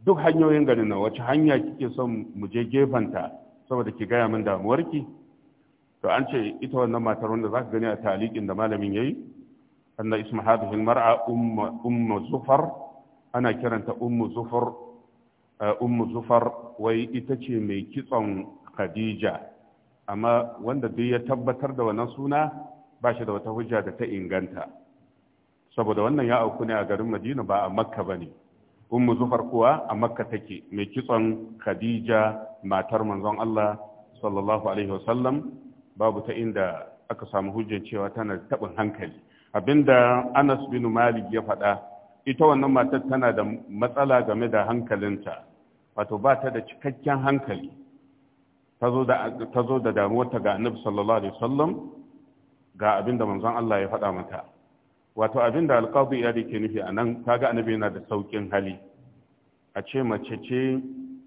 duk hanyoyin garin na wace hanya kike son mu je gefanta saboda ki gaya min damuwar ki, to an ce ita wannan matar wanda za ka gani a talikin da malamin ya yi anna ismu hadhihi mar'a umma zufar ana kiranta ummu zufar eh, ummu zufar wai ita ce mai kitson khadija amma wanda duk ya tabbatar da wannan suna ba shi da wata hujja da ta inganta saboda wannan ya auku ne a garin madina ba a makka ba ne ummu zufar kuwa a makka take mai kitson khadija matar manzon Allah sallallahu alaihi wasallam babu ta inda aka samu hujjan cewa tana tabin hankali abinda Anas bin Malik ya faɗa ita wannan matar tana da matsala game da hankalinta wato ba ta da cikakken hankali ta zo da damuwarta ga annabi sallallahu alaihi wasallam ga abinda manzon Allah ya faɗa mata wato abin da alƙadu ya ke nufi a nan kaga annabi yana da sauƙin hali a ce mace ce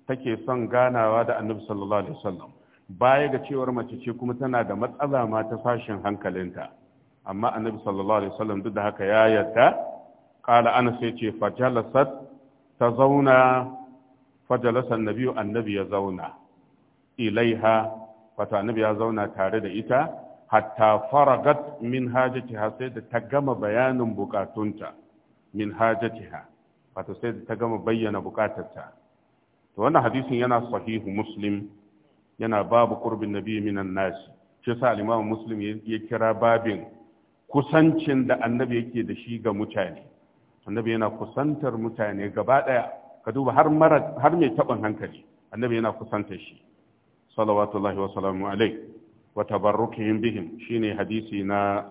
take son ganawa da annabi sallallahu alaihi wasallam baya ga cewar mace ce kuma tana da matsala ma ta fashin hankalinta amma annabi sallallahu alaihi wasallam duk da haka ya yarda qala ana sai ce fajalasat ta zauna fajalasa annabi annabi ya zauna ilaiha wato annabi ya zauna tare da ita hatta faragat min hajatiha sai da ta gama bayanin bukatunta min hajatiha wato sai da ta gama bayyana bukatarta to wannan hadisin yana sahihu muslim yana babu qurbin nabi minan nas shi yasa al-imam muslim ya kira babin kusancin da annabi yake da shi ga mutane annabi yana kusantar mutane gaba daya ka duba har mara har mai taban hankali annabi yana kusantar shi salawatullahi wa wa tabarrukihim bihim shine hadisi na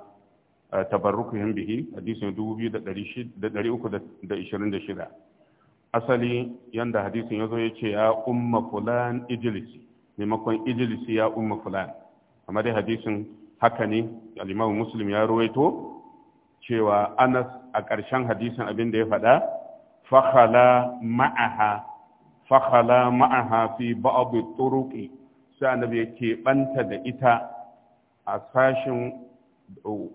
tabarrukuhum bihi hadisin 2326 asali yanda hadisin yazo yace ya umma fulan ijlisi maimakon ijlisi ya umma fulan amma hadisin haka ne al-Imam Muslim ya ruwaito cewa Anas a ƙarshen hadisin abin da ya faɗa fakhala ma'aha fakhala ma'aha fi ba'd turuqi sai annabi ya keɓanta da ita a sashin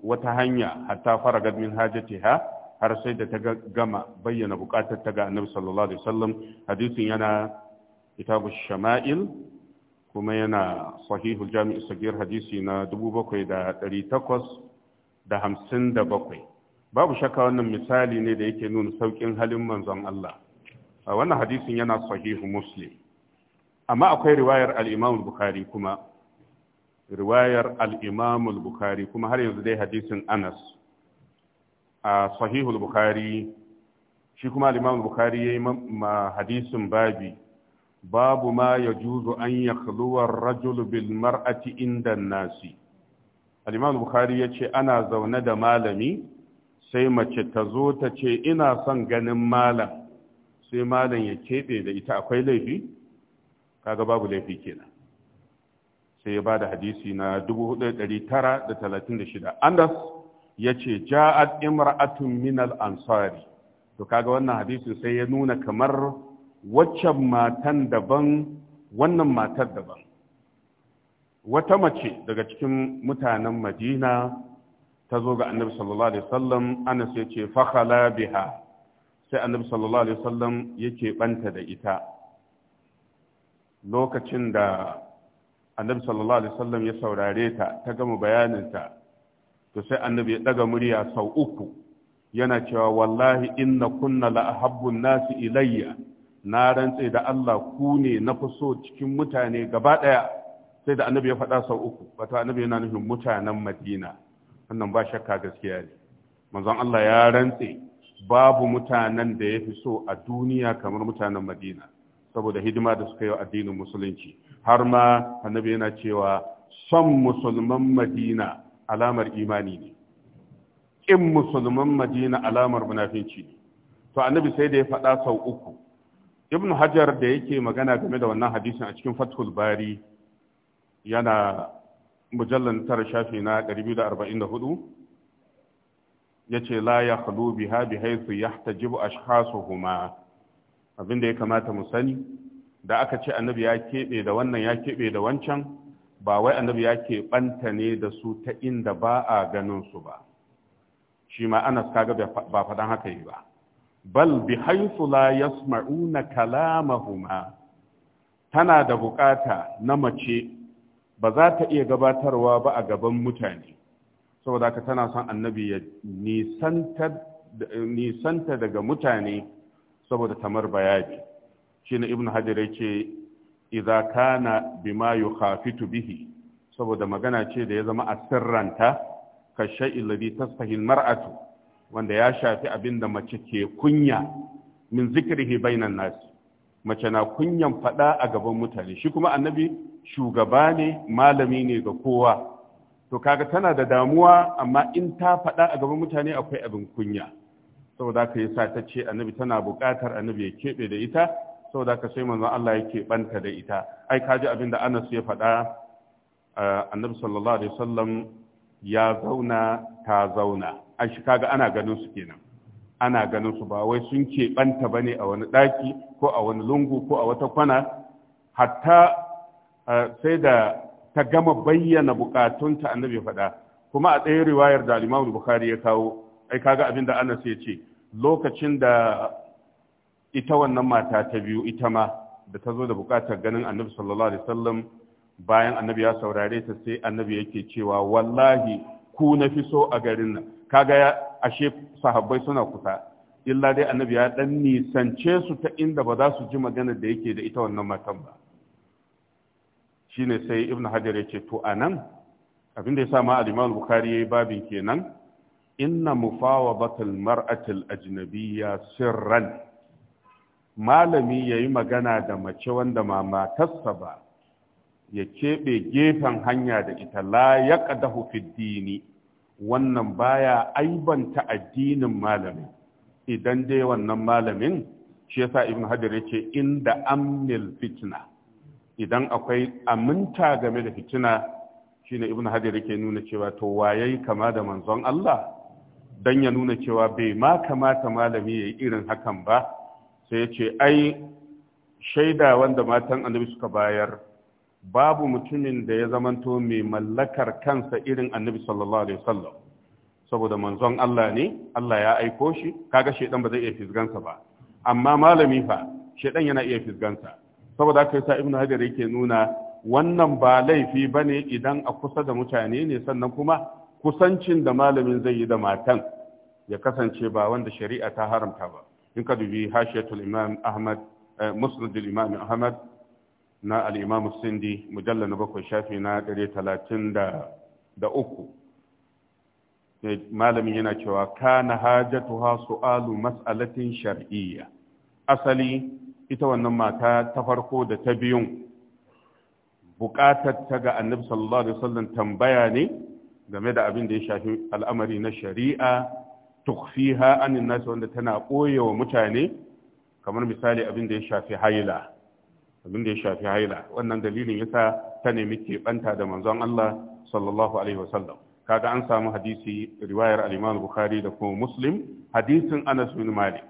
wata hanya hatta faragat min ha, har sai da ta gama bayyana bukatar ta ga annabi sallallahu alaihi wasallam hadisin yana kitabu shama'il kuma yana sahihul jami'i sagir hadisi na 7857 babu shakka wannan misali ne da yake nuna saukin halin manzon Allah wannan hadisin yana sahihu muslim amma akwai riwayar al-Imam kuma riwayar al-Imam kuma har yanzu dai hadisin Anas a sahihul bukhari shi kuma al-Imam bukhari yayi ma hadisin babi babu ma yajuzu an yakhluwa ar-rajulu bil mar'ati inda nasi al-Imam bukhari yace ana zaune da malami sai mace ta zo ta ce ina son ganin malam sai malam ya keɓe da ita akwai laifi kaga babu laifi kenan sai ya ba da hadisi na 4936 Anas ya ce ja'ad imra'atun min al-ansari to kaga wannan hadisin sai ya nuna kamar waccan matan daban wannan matar daban wata mace daga cikin mutanen Madina ta zo ga Annabi sallallahu alaihi wasallam Anas ya ce fakhala biha sai Annabi sallallahu alaihi wasallam yake banta da ita lokacin da annabi sallallahu alaihi wasallam ya saurare ta ta gama bayanin ta, to sai annabi ya daga murya sau uku yana cewa wallahi inna kunna la ahabbun nasi ilayya na rantse da Allah ku ne na fi so cikin mutane gaba daya sai da annabi ya faɗa sau uku wato annabi yana nufin mutanen Madina wannan ba shakka gaskiya ne manzon Allah ya rantse babu mutanen da ya fi so a duniya kamar mutanen Madina saboda hidima da suka yi addinin musulunci har ma annabi yana cewa son musulman madina alamar imani ne in musulman madina alamar munafinci ne to annabi sai da ya faɗa sau uku ibn hajar da yake magana game da wannan hadisin a cikin fathul bari yana mujallar tara shafi na 244 ya ce la ya khalu biha bi haythu yahtajibu abin da ya kamata mu sani da aka ce annabi ya keɓe da wannan ya keɓe da wancan ba wai annabi ya ke ɓanta ne da su ta inda ba a ganin su ba shi ma anas kaga ba faɗan haka yi ba bal bi haythu la yasma'una kalamahuma tana da bukata na mace ba za ta iya gabatarwa ba a gaban mutane saboda haka tana son annabi ya nisanta daga mutane saboda tamar bayani shine Ibn hajar ce, izaka kana bima yukhafitu bihi saboda magana ce da ya zama a sirranta ka shay'il ladhi tasfahi mar'atu wanda ya shafi abin da mace ke kunya min zikrihi bainan nas mace na kunyan fada a gaban mutane shi kuma annabi shugaba ne malami ne ga kowa to kaga tana da damuwa amma in ta faɗa a gaban mutane akwai abin kunya saboda ka yi sa ta ce annabi tana buƙatar annabi ya keɓe da ita saboda ka sai manzon Allah ya keɓanta da ita ai ka ji abin da Anas ya faɗa eh, annabi sallallahu alaihi wasallam ya zauna ta zauna an shi kaga ana ganin su kenan ana ganin su ba wai sun keɓanta ba ne a wani ɗaki ko a wani lungu ko a wata kwana hatta eh, sai da ta gama bayyana bukatunta annabi faɗa kuma a ɗaya riwayar da alimamu Bukhari ya kawo ai kaga abin da Anas ya ce lokacin da ita wannan mata ta biyu ita ma da ta zo da bukatar ganin annabi sallallahu alaihi wasallam bayan annabi ya saurare ta sai annabi yake cewa wallahi ku na fi so a garin nan kaga ya ashe sahabbai suna kusa illa dai annabi ya dan nisance su ta inda ba za su ji magana da yake da ita wannan matan ba shine sai ibnu hajar ya ce to anan abin da ya sa ma al-imam bukhari yayi babin kenan inna mufawadatul mar'atil ajnabiyya sirran malami yayi magana da mace wanda mama tassa ba ya keɓe gefen hanya da ita la yaqdahu fid dini wannan baya aibanta addinin malamin idan dai wannan malamin shi yasa ibn hajar yace inda amnil fitna idan akwai aminta game da fitina shine ibn hajar yake nuna cewa to waye kama da manzon Allah don ya nuna cewa bai ma kamata malami ya yi irin hakan ba sai ya ce ai shaida wanda matan annabi suka bayar babu mutumin da ya zamanto mai mallakar kansa irin annabi sallallahu alaihi wasallam saboda manzon Allah ne Allah ya aiko shi kaga shedan ba zai iya fisgansa ba amma malami fa shedan yana iya fisgansa saboda haka yasa ibnu hajar yake nuna wannan ba laifi bane idan a kusa da mutane ne sannan kuma kusancin da malamin zai yi da matan ya kasance ba wanda shari'a ta haramta ba in ka dubi hashiyatul imam ahmad eh, musnadul imam ahmad na al-imam sindi mujalla na bakwai shafi na 133 eh, malamin yana cewa kana ha su'alu mas'alatin shar'iyya asali ita wannan mata ta farko da ta biyun bukatar ta ga annabi sallallahu alaihi wasallam tambaya ne game da abin da ya shafi al'amari na shari'a tukfiha anin nasu wanda tana ɓoyewa mutane kamar misali abin da ya shafi haila abin da ya shafi haila wannan dalilin yasa ta nemi keɓanta da manzon Allah sallallahu alaihi wasallam kaga an samu hadisi riwayar al-Imam Bukhari da kuma Muslim hadisin Anas bin Malik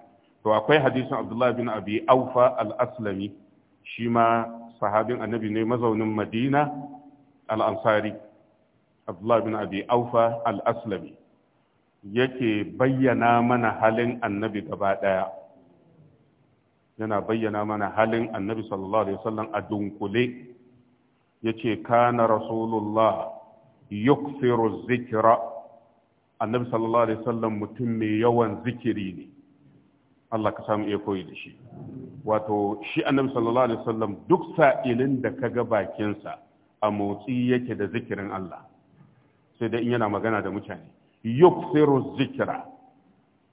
to akwai hadisin Abdullah bin Abi Aufa al-Aslami shi ma sahabin annabi ne mazaunin Madina al-Ansari abdullah bin abi aufa al-aslami yake bayyana mana halin annabi gaba daya yana bayyana mana halin annabi sallallahu alaihi wasallam a dunkule yace kana rasulullah yukthiru zikira. annabi sallallahu alaihi wasallam mutum mai yawan zikiri ne Allah ka samu iya koyi da shi wato shi annabi sallallahu alaihi wasallam duk sa'ilin da kaga bakinsa a motsi yake da zikirin Allah sai dai in yana magana da mutane yuk zikira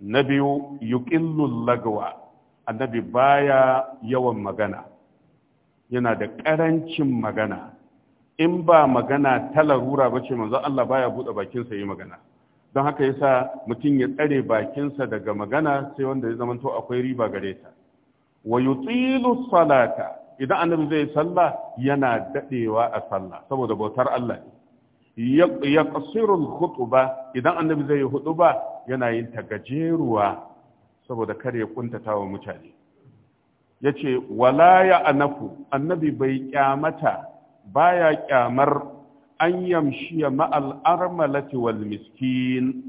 na biyu yuqillu lagwa annabi baya yawan magana yana da ƙarancin magana in ba magana talarura ba ce manzo Allah baya buɗe bakinsa yi magana don haka yasa mutum ya tsare bakinsa daga magana sai wanda ya zamanto akwai riba gare ta wa yutilu salata idan annabi zai sallah yana dadewa a sallah saboda bautar Allah ne ya kasirul hutuba idan annabi zai yi hutuba yana yin ta gajeruwa saboda kar ya kuntata wa mutane ya ce wala ya anaku annabi bai kyamata baya kyamar an ya ma'al armalati wal miskin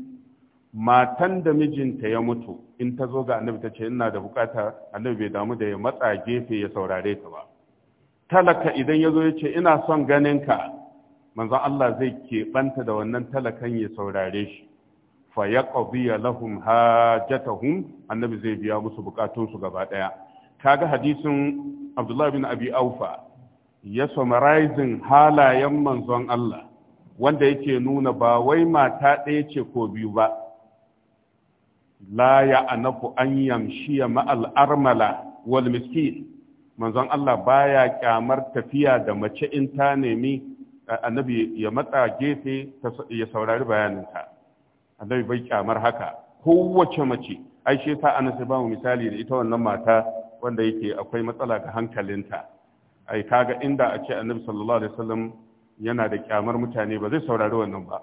matan da mijinta ya mutu in ta zo ga annabi ta ce ina da bukata annabi bai damu da ya matsa gefe ya saurare ta ba talaka idan ya zo ya ce ina son ganinka manzo Allah zai keɓanta da wannan talakan ya saurare shi fa yaqdi lahum hajatahum annabi zai biya musu bukatun su gaba daya kaga hadisin Abdullah bin Abi Aufa ya summarizing halayen manzon Allah wanda yake nuna ba wai mata ɗaya ce ko biyu ba la ya anaku an yamshi ma'al armala wal miskin manzon Allah baya kyamar tafiya da mace in ta nemi annabi ya matsa gefe ya saurari bayaninta annabi bai kyamar haka kowace mace ai shi yasa ana sai mu misali da ita wannan mata wanda yake akwai matsala ga hankalinta ai kaga inda a ce annabi sallallahu alaihi wasallam yana da kyamar mutane ba zai saurari wannan ba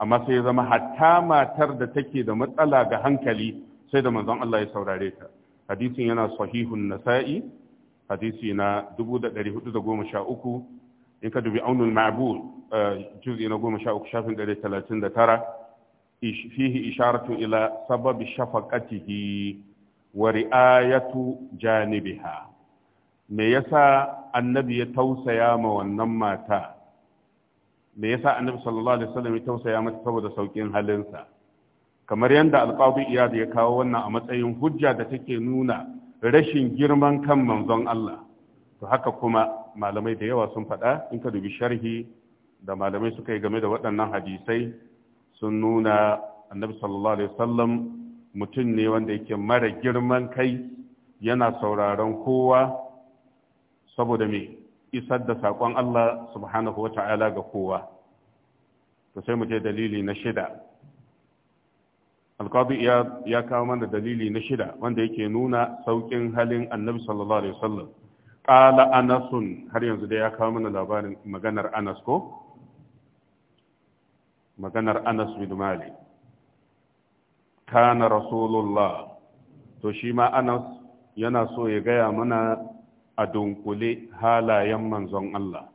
amma sai ya zama hatta matar da take da matsala ga hankali sai da manzon Allah ya saurare ta hadisin yana sahihun nasa'i hadisi na 1413 in ka dubi aunul ma'bud eh, juz'i na goma sha uku shafin ɗari talatin da tara fihi isharatu ila sababi shafaqatihi wa ri'ayatu janibiha me yasa annabi ya tausaya ma wannan mata me yasa annabi sallallahu alaihi wasallam ya tausaya mata saboda saukin halinsa kamar yadda alqadi iyad ya kawo wannan a matsayin hujja da take nuna rashin girman kan manzon Allah to haka kuma malamai da yawa sun faɗa in ka dubi sharhi da malamai suka yi game da waɗannan hadisai sun nuna annabi sallallahu alaihi wasallam mutum ne wanda yake mara girman kai yana sauraron kowa saboda mai isar da saƙon Allah subhanahu wata'ala ga kowa to sai mu je dalili na shida alƙadu ya kawo mana dalili na shida wanda yake nuna sauƙin halin annabi sallallahu alaihi wasallam ƙala anasun har yanzu da ya kawo mana labarin maganar anas ko maganar anas bin mali kana rasulullah to shi ma anas yana so ya gaya mana a dunkule halayen manzon Allah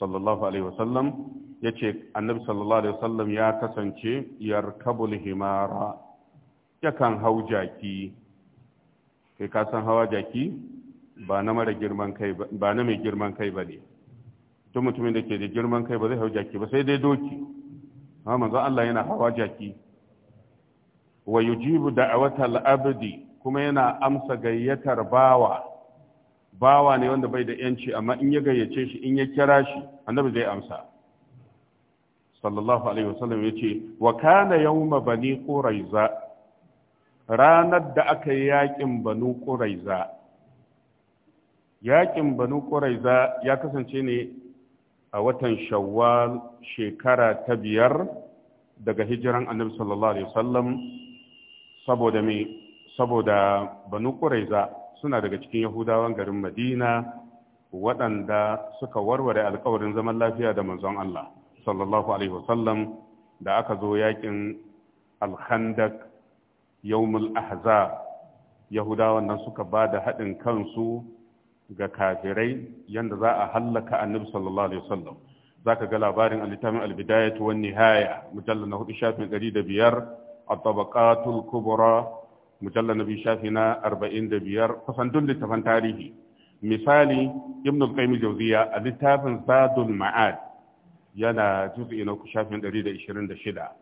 sallallahu alaihi wasallam ya ce annabi sallallahu alaihi wasallam ya kasance yarkabul himara yakan hau jaki kai ka san hawa jaki ba na mai girman kai ba ne tun mutumin da ke da girman kai ba zai hau jaki ba sai dai doki ma manzo Allah yana hawa jaki wa yujibu da'awatal abdi kuma yana amsa gayyatar bawa bawa ne wanda bai da yanci amma in ya gayyace shi in ya kira shi annabi zai amsa sallallahu alaihi wasallam yace wa kana yawma bani quraiza ranar da aka yi yakin banu quraiza yaƙin banu ƙuraiza ya kasance ne a watan shawwal shekara ta biyar daga hijiran annabi sallallahu alaihi wasallam saboda me saboda banu ƙuraiza suna daga cikin yahudawan garin madina waɗanda suka warware alkawarin zaman lafiya da manzon Allah sallallahu alaihi wasallam da aka zo yaƙin alhandak yawmul ahzab yahudawan nan suka ba da haɗin kansu ga kafirai yadda za a hallaka annabi sallallahu alaihi wasallam ka ga labarin al-litamin al-bidayatu wan nihaya mujallal na hudu shafin da 105 at-tabaqatul kubura mujallal na biyu shafi na arba'in da biyar kusan duk littafan tarihi misali ibn al-qayyim jawziya a littafin zadul ma'ad yana juz'i na shafin shida.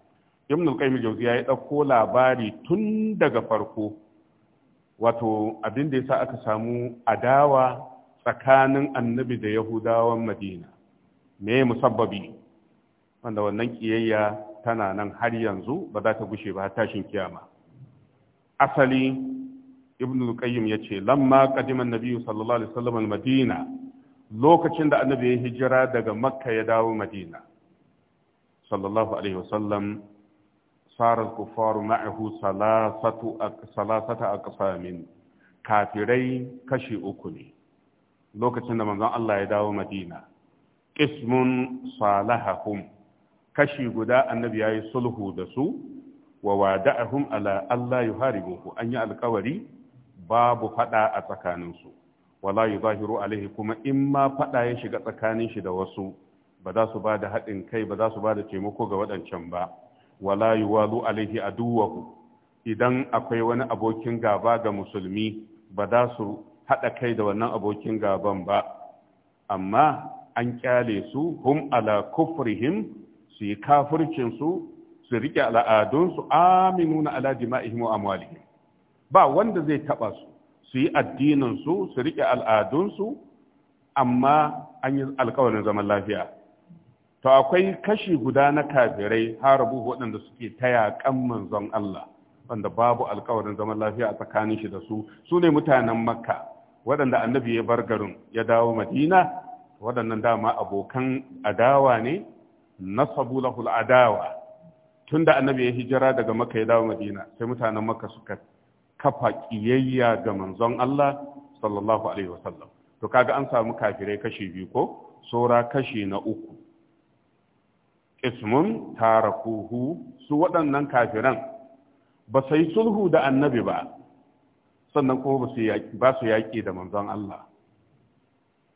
ibn al-qayyim jawziya ya ɗauko labari tun daga farko wato abin da ya sa aka samu adawa tsakanin annabi da yahudawan madina me musabbabi wanda wannan kiyayya tana nan har yanzu ba za ta gushe ba tashin kiyama asali ibn al-qayyim yace lamma qadima an sallallahu alaihi wasallam al-madina lokacin da annabi ya hijira daga makka ya dawo madina sallallahu alaihi wasallam صار الكفار a ثلاثة Kafirai kashi uku ne. lokacin da manzon Allah ya dawo Madina ismun salahahum kashi guda annabi yayi sulhu da su wa wada'ahum ala Allah an yi alkawari babu faɗa a tsakaninsu. su wala yuzahiru alaihi kuma in ma faɗa ya shiga tsakanin shi da wasu ba za su ba da haɗin kai ba za su ba da taimako ga waɗancan ba wala yuwalu alaihi aduwahu idan akwai wani abokin gaba ga musulmi ba za su haɗa kai da wannan abokin gaban ba amma an kyale su hum ala kufrihim su yi kafircin su su rike al'adunsu aminuna ala jima'ihim wa amwalihim ba wanda zai taba su su yi addinin su su rike al'adunsu amma an yi alkawarin zaman lafiya to akwai kashi guda na kafirai harabu waɗanda suke taya kan manzon Allah wanda babu alƙawarin zaman lafiya a tsakanin shi da su su ne mutanen makka waɗanda annabi ya bar garin ya dawo madina waɗannan dama abokan adawa ne nasabu lahul adawa Tunda annabi ya hijira daga makka ya dawo madina sai mutanen makka suka kafa ƙiyayya ga manzon Allah sallallahu alaihi wasallam to kaga an samu kafirai kashi biyu ko saura kashi na uku ismun tarakuhu su waɗannan kafiran ba su yi sulhu da annabi ba sannan kuma ba su yaƙi da manzon Allah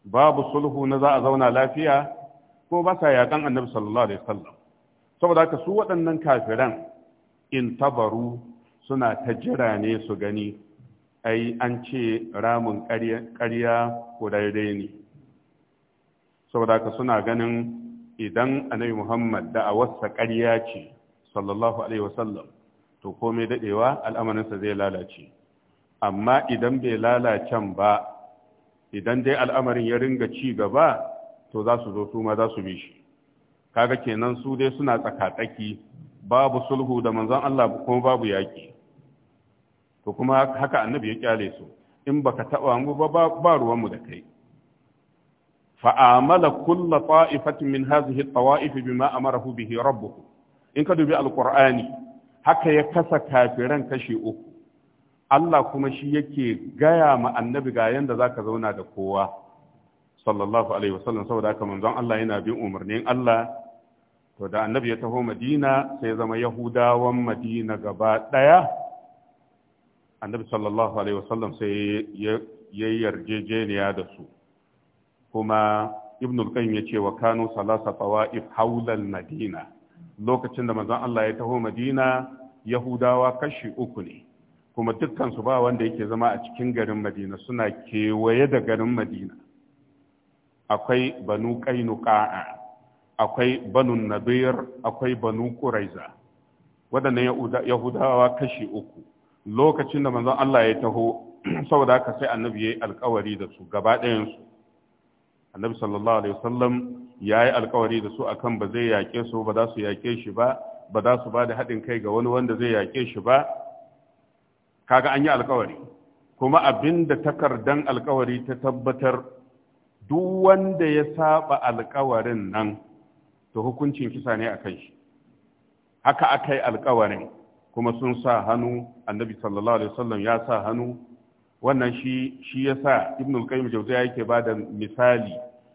babu sulhu na za a zauna lafiya ko ba sa yaƙan annabi sallallahu alaihi wasallam saboda haka su waɗannan kafiran in tabaru suna ta jira ne su gani ai an ce ramin ƙarya ko daidai ne saboda haka suna ganin idan annabi Muhammad da da'awarsa ƙarya ce sallallahu alaihi wasallam to komai dadewa al'amarinsa zai lalace amma idan bai lalacen ba idan dai al'amarin ya ringa ci gaba to za su zo su ma za su bi shi kaga kenan su dai suna tsakatsaki babu sulhu da manzon Allah kuma babu yaki to kuma haka annabi ya kyale su in baka taba mu ba ba ruwan mu da kai fa'amala kulla ta'ifatin min hazihi tawa'if bima amarahu bihi rabbuhu in ka dubi alqur'ani haka ya kasa kafiran kashe uku Allah kuma shi yake gaya ma annabi ga yanda zaka zauna da kowa sallallahu alaihi wasallam saboda haka manzon Allah yana bin umarnin Allah to da annabi ya taho madina sai zama yahudawan madina gabaɗaya. daya annabi sallallahu alaihi wasallam sai ya yarjejeniya da su kuma ibn al-qayyim yace wa kanu salasa tawa'if hawla madina lokacin da manzon Allah ya taho Madina Yahudawa kashi uku ne kuma dukkan su ba wanda yake zama a cikin garin Madina suna kewaye da garin Madina akwai banu qainuqa akwai banu nadir akwai banu quraiza waɗannan Yahudawa kashi uku lokacin da manzon Allah ya taho saboda haka sai annabi ya yi alkawari da su gaba ɗayansu annabi sallallahu alaihi wasallam ya yi alkawari da su akan ba zai yaƙe su ba za su yaƙe shi ba ba za su ba da haɗin kai ga wani wanda zai yaƙe shi ba kaga an yi alkawari kuma abin da takardan alkawari ta tabbatar duk wanda ya saba alkawarin nan to hukuncin kisa ne akan shi haka aka yi alkawarin kuma sun sa hannu annabi sallallahu alaihi wasallam ya sa hannu wannan shi shi yasa ibn al-qayyim jawziya yake bada misali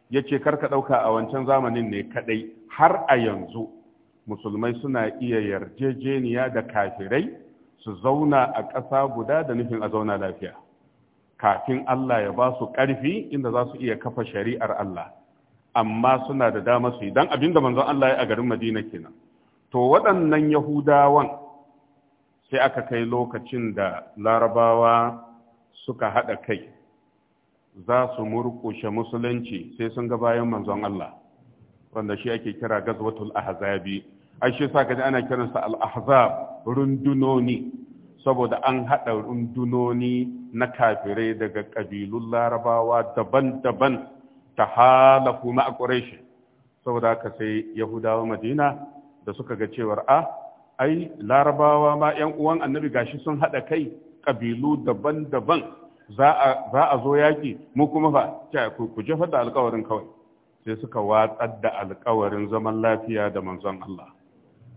yace karka dauka a wancan zamanin ne kadai har a yanzu musulmai suna iya yarjejeniya da kafirai su zauna a ƙasa guda da nufin a zauna lafiya kafin Allah ya ba su ƙarfi inda za su iya kafa shari'ar Allah amma suna da dama su yi abinda abin da manzon Allah ya a garin Madina kenan to waɗannan Yahudawan sai aka kai lokacin da larabawa suka haɗa kai za su murƙushe musulunci sai sun ga bayan manzon Allah wanda shi ake kira gazwatul ahzabi ai shi sa kaji ana kiransa al-ahzab rundunoni saboda an haɗa rundunoni na kafirai daga ƙabilun larabawa daban-daban ta halafu ma ƙureshi saboda aka sai yahudawa madina da suka ga cewar a ah, ai larabawa ma 'yan uwan annabi gashi sun haɗa kai ƙabilu daban-daban za a zo yaƙi mu kuma fa ku jefa da alkawarin kawai sai suka watsar da alkawarin zaman lafiya da manzon Allah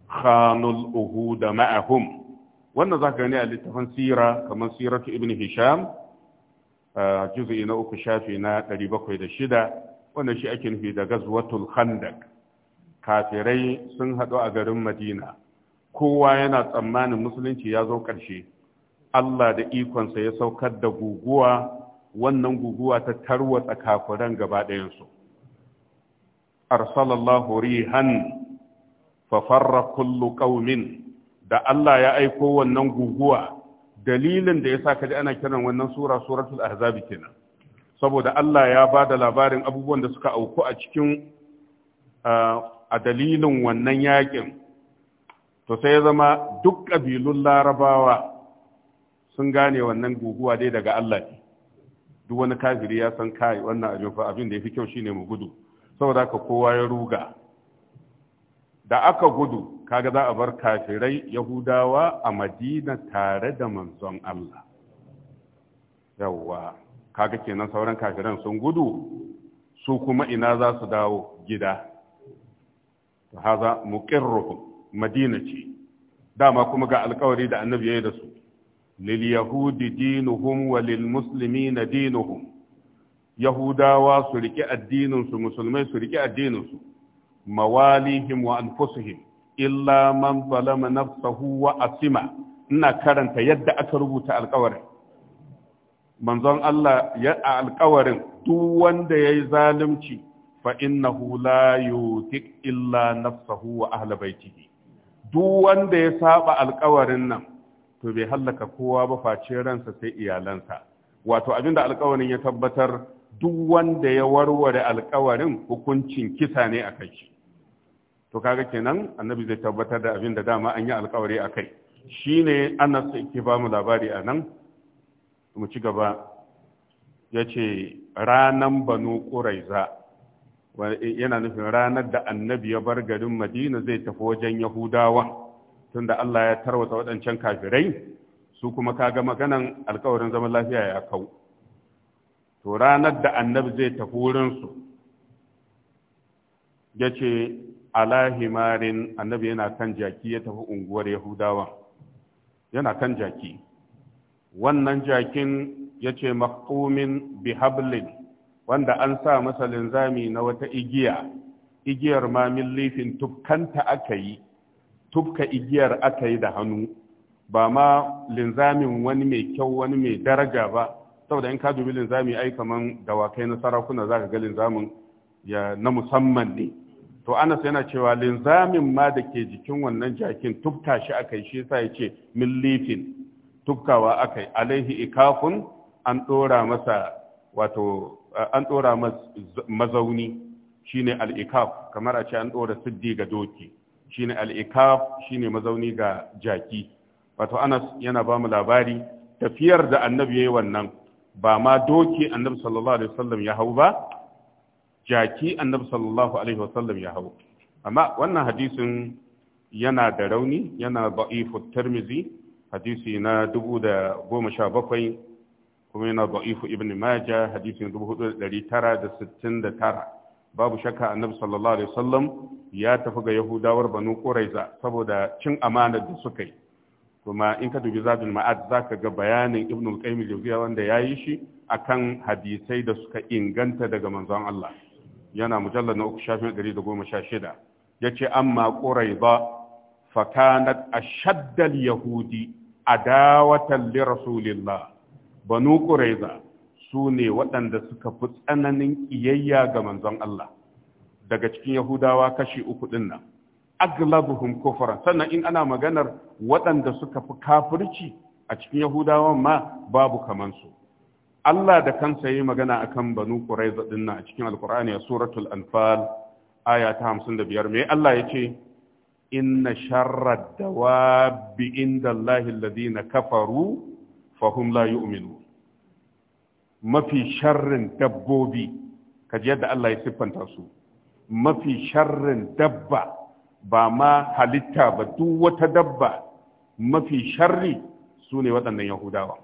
khanul uhuda ma'ahum wannan zaka gani a littafin sira kamar siratu ibn hisham juz'i na uku shafi na 706 wannan shi ake nufi da gazwatul khandaq kafirai sun haɗu a garin madina kowa yana tsammanin musulunci ya zo ƙarshe Allah da ikonsa ya saukar da guguwa wannan guguwa ta tarwatsa tsakakuran gaba ɗayansu arsalallahu rihan fafarra kullu Ƙaumin da Allah ya aiko wannan guguwa dalilin da ya yasa kaji ana kiran wannan sura suratul ke kenan saboda Allah ya ba da labarin abubuwan da suka auku a cikin a dalilin wannan yakin to sai ya zama duk ƙabilun larabawa sun gane wannan guguwa dai daga Allah ne duk wani kafiri ya san kai wannan abin fa abin da yafi kyau shine mu gudu saboda haka kowa ya ruga da aka gudu kaga za a bar kafirai yahudawa a madina tare da manzon Allah yawwa kaga kenan sauran kafiran sun gudu su kuma ina za su dawo gida haza muqirruhum madina ce dama kuma ga alkawari da annabi ya yi da su لليهود دينهم وللمسلمين دينهم yahudawa su rike addininsu musulmai su rike addininsu mawalihim wa anfusihim illa man zalama nafsahu wa asima ina karanta yadda aka rubuta alƙawarin. manzon Allah ya a alƙawarin duk wanda yayi zalunci fa innahu la yutik illa nafsahu wa ahli baitihi duk wanda ya saba alkawarin nan to bai hallaka kowa ba face ransa sai iyalansa wato abinda alkawarin ya tabbatar duk wanda ya warware alkawarin hukuncin kisa ne a kai to kaga kenan annabi zai tabbatar da abinda dama an yi alkawari a kai shine anas yake ba mu labari a nan mu ci gaba ya ce ranan banu ƙuraiza yana nufin ranar da annabi ya bar garin madina zai tafi wajen yahudawa tunda Allah ya tarwata waɗancan kafirai su kuma kaga maganan alkawarin zaman lafiya ya kau to ranar da annabi zai tafi wurinsu ya ce marin, annabi yana kan jaki ya tafi unguwar yahudawa yana kan jaki wannan jakin ya ce makumin bihablin wanda an sa masa linzami na wata igiya igiyar ma min lifin tufkanta aka yi tufka igiyar aka yi da hannu ba ma linzamin wani mai kyau wani mai daraja ba saboda in ka dubi linzami ai kaman dawakai na sarakuna zaka ga linzamin ya na musamman ne to Anas yana cewa linzamin ma da ke jikin wannan jakin tufka shi aka yi shi yasa yace millifin tufkawa aka yi alaihi ikafun an dora masa wato an dora mazauni shine al-ikaf kamar a ce an dora siddi ga doki shine al-ikaf shine mazauni ga jaki wato Anas yana ba mu labari tafiyar da annabi yi wannan ba ma doki annabi sallallahu alaihi wasallam ya hau ba jaki annabi sallallahu alaihi wasallam ya hau amma wannan hadisin yana da rauni yana da'ifu tarmizi hadisi na 1017 kuma yana da'ifu ibn maja hadisin 4969 babu shakka annabi sallallahu alaihi wasallam ya tafi ga yahudawar banu quraiza saboda cin amanar da suka yi kuma in ka dubi zadul ma'ad zaka ga bayanin ibnul qayyim jawziya wanda yayi shi akan hadisai da suka inganta daga manzon Allah yana mujallar na uku shafin 116 yace amma quraiza fa kanat ashaddal yahudi adawatan li rasulillah banu quraiza su ne waɗanda suka fi tsananin ƙiyayya ga manzon Allah daga cikin Yahudawa kashi uku ɗin nan aglabuhum kufara sannan in ana maganar waɗanda suka fi kafirci a cikin Yahudawan ma babu kaman su Allah da kansa yi magana akan Banu Quraiza ɗin nan a cikin Alƙur'ani a suratul Anfal aya ta biyar. me Allah ya ce inna sharra dawabi inda Allahi alladhina kafaru fahum la yu'minun mafi sharrin dabbobi kaji yadda Allah ya siffanta su mafi sharrin dabba ba ma halitta ba duk wata dabba mafi sharri su ne waɗannan yahudawa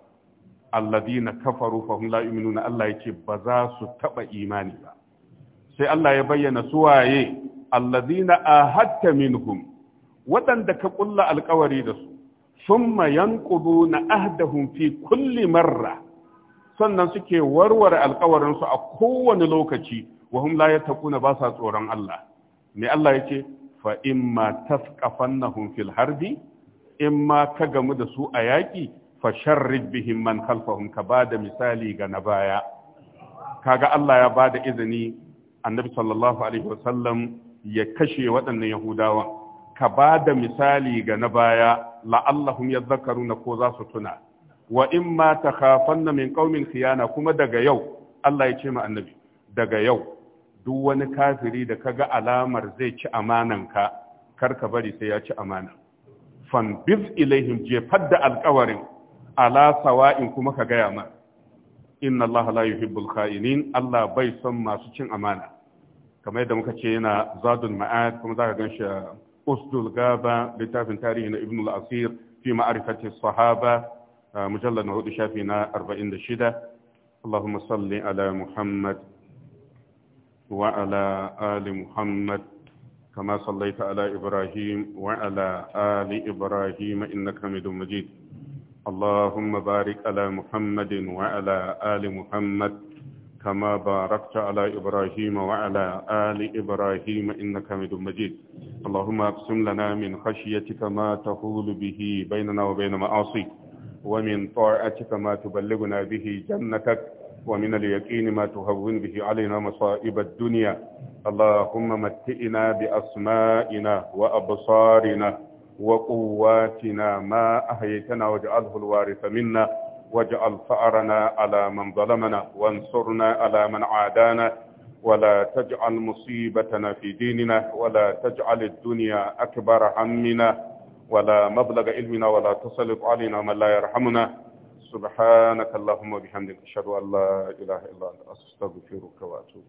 alladina kafaru fahum la yu'minuna Allah yake ba za su taba imani ba sai Allah ya bayyana su waye alladina ahadta minhum waɗanda ka kulla alƙawari da su thumma yanquduna ahdahum fi kulli marra sannan suke warware alkawarinsu a kowane lokaci wa hum la yattaquna ba sa tsoron Allah me Allah yace fa imma tasqafannahum fil harbi imma ka gamu da su a yaki fa sharrid bihim man khalfahum ka bada misali ga na baya kaga Allah ya bada izini annabi sallallahu alaihi wasallam ya kashe waɗannan yahudawa ka bada misali ga na baya la'allahum yadhakkaruna ko za su tuna wa in ma takhafanna min qaumin khiyana kuma daga yau Allah ya ce ma annabi daga yau duk wani kafiri da ka ga alamar zai ci amananka kar ka bari sai ya ci amana fan biz ilaihim jefar da alkawarin ala sawa'in kuma ka gaya ma inna Allah la yuhibbul kha'inin Allah bai son masu cin amana kamar yadda muka ce yana zadun ma'ad kuma zaka gan shi usdul gaba littafin tarihi na ibn al-asir fi ma'rifati sahaba mujallar na hudu shafi na 46 Allahumma salli ala Muhammad wa ala ali Muhammad kama sallaita ala Ibrahim wa ala ali Ibrahim اللهم بارك على محمد وعلى آل محمد كما باركت على إبراهيم وعلى آل إبراهيم إنك حميد مجيد اللهم اقسم لنا من خشيتك ما تحول به بيننا وبين معاصيك ومن طاعتك ما تبلغنا به جنتك ومن اليقين ما تهون به علينا مصائب الدنيا اللهم متئنا بأسمائنا وأبصارنا وقواتنا ما أهيتنا واجعله الوارث منا واجعل فأرنا على من ظلمنا وانصرنا على من عادانا ولا تجعل مصيبتنا في ديننا ولا تجعل الدنيا أكبر همنا ولا مبلغ علمنا ولا تسلط علينا من لا يرحمنا سبحانك اللهم وبحمدك أشهد أن لا إله إلا أنت أستغفرك وأتوب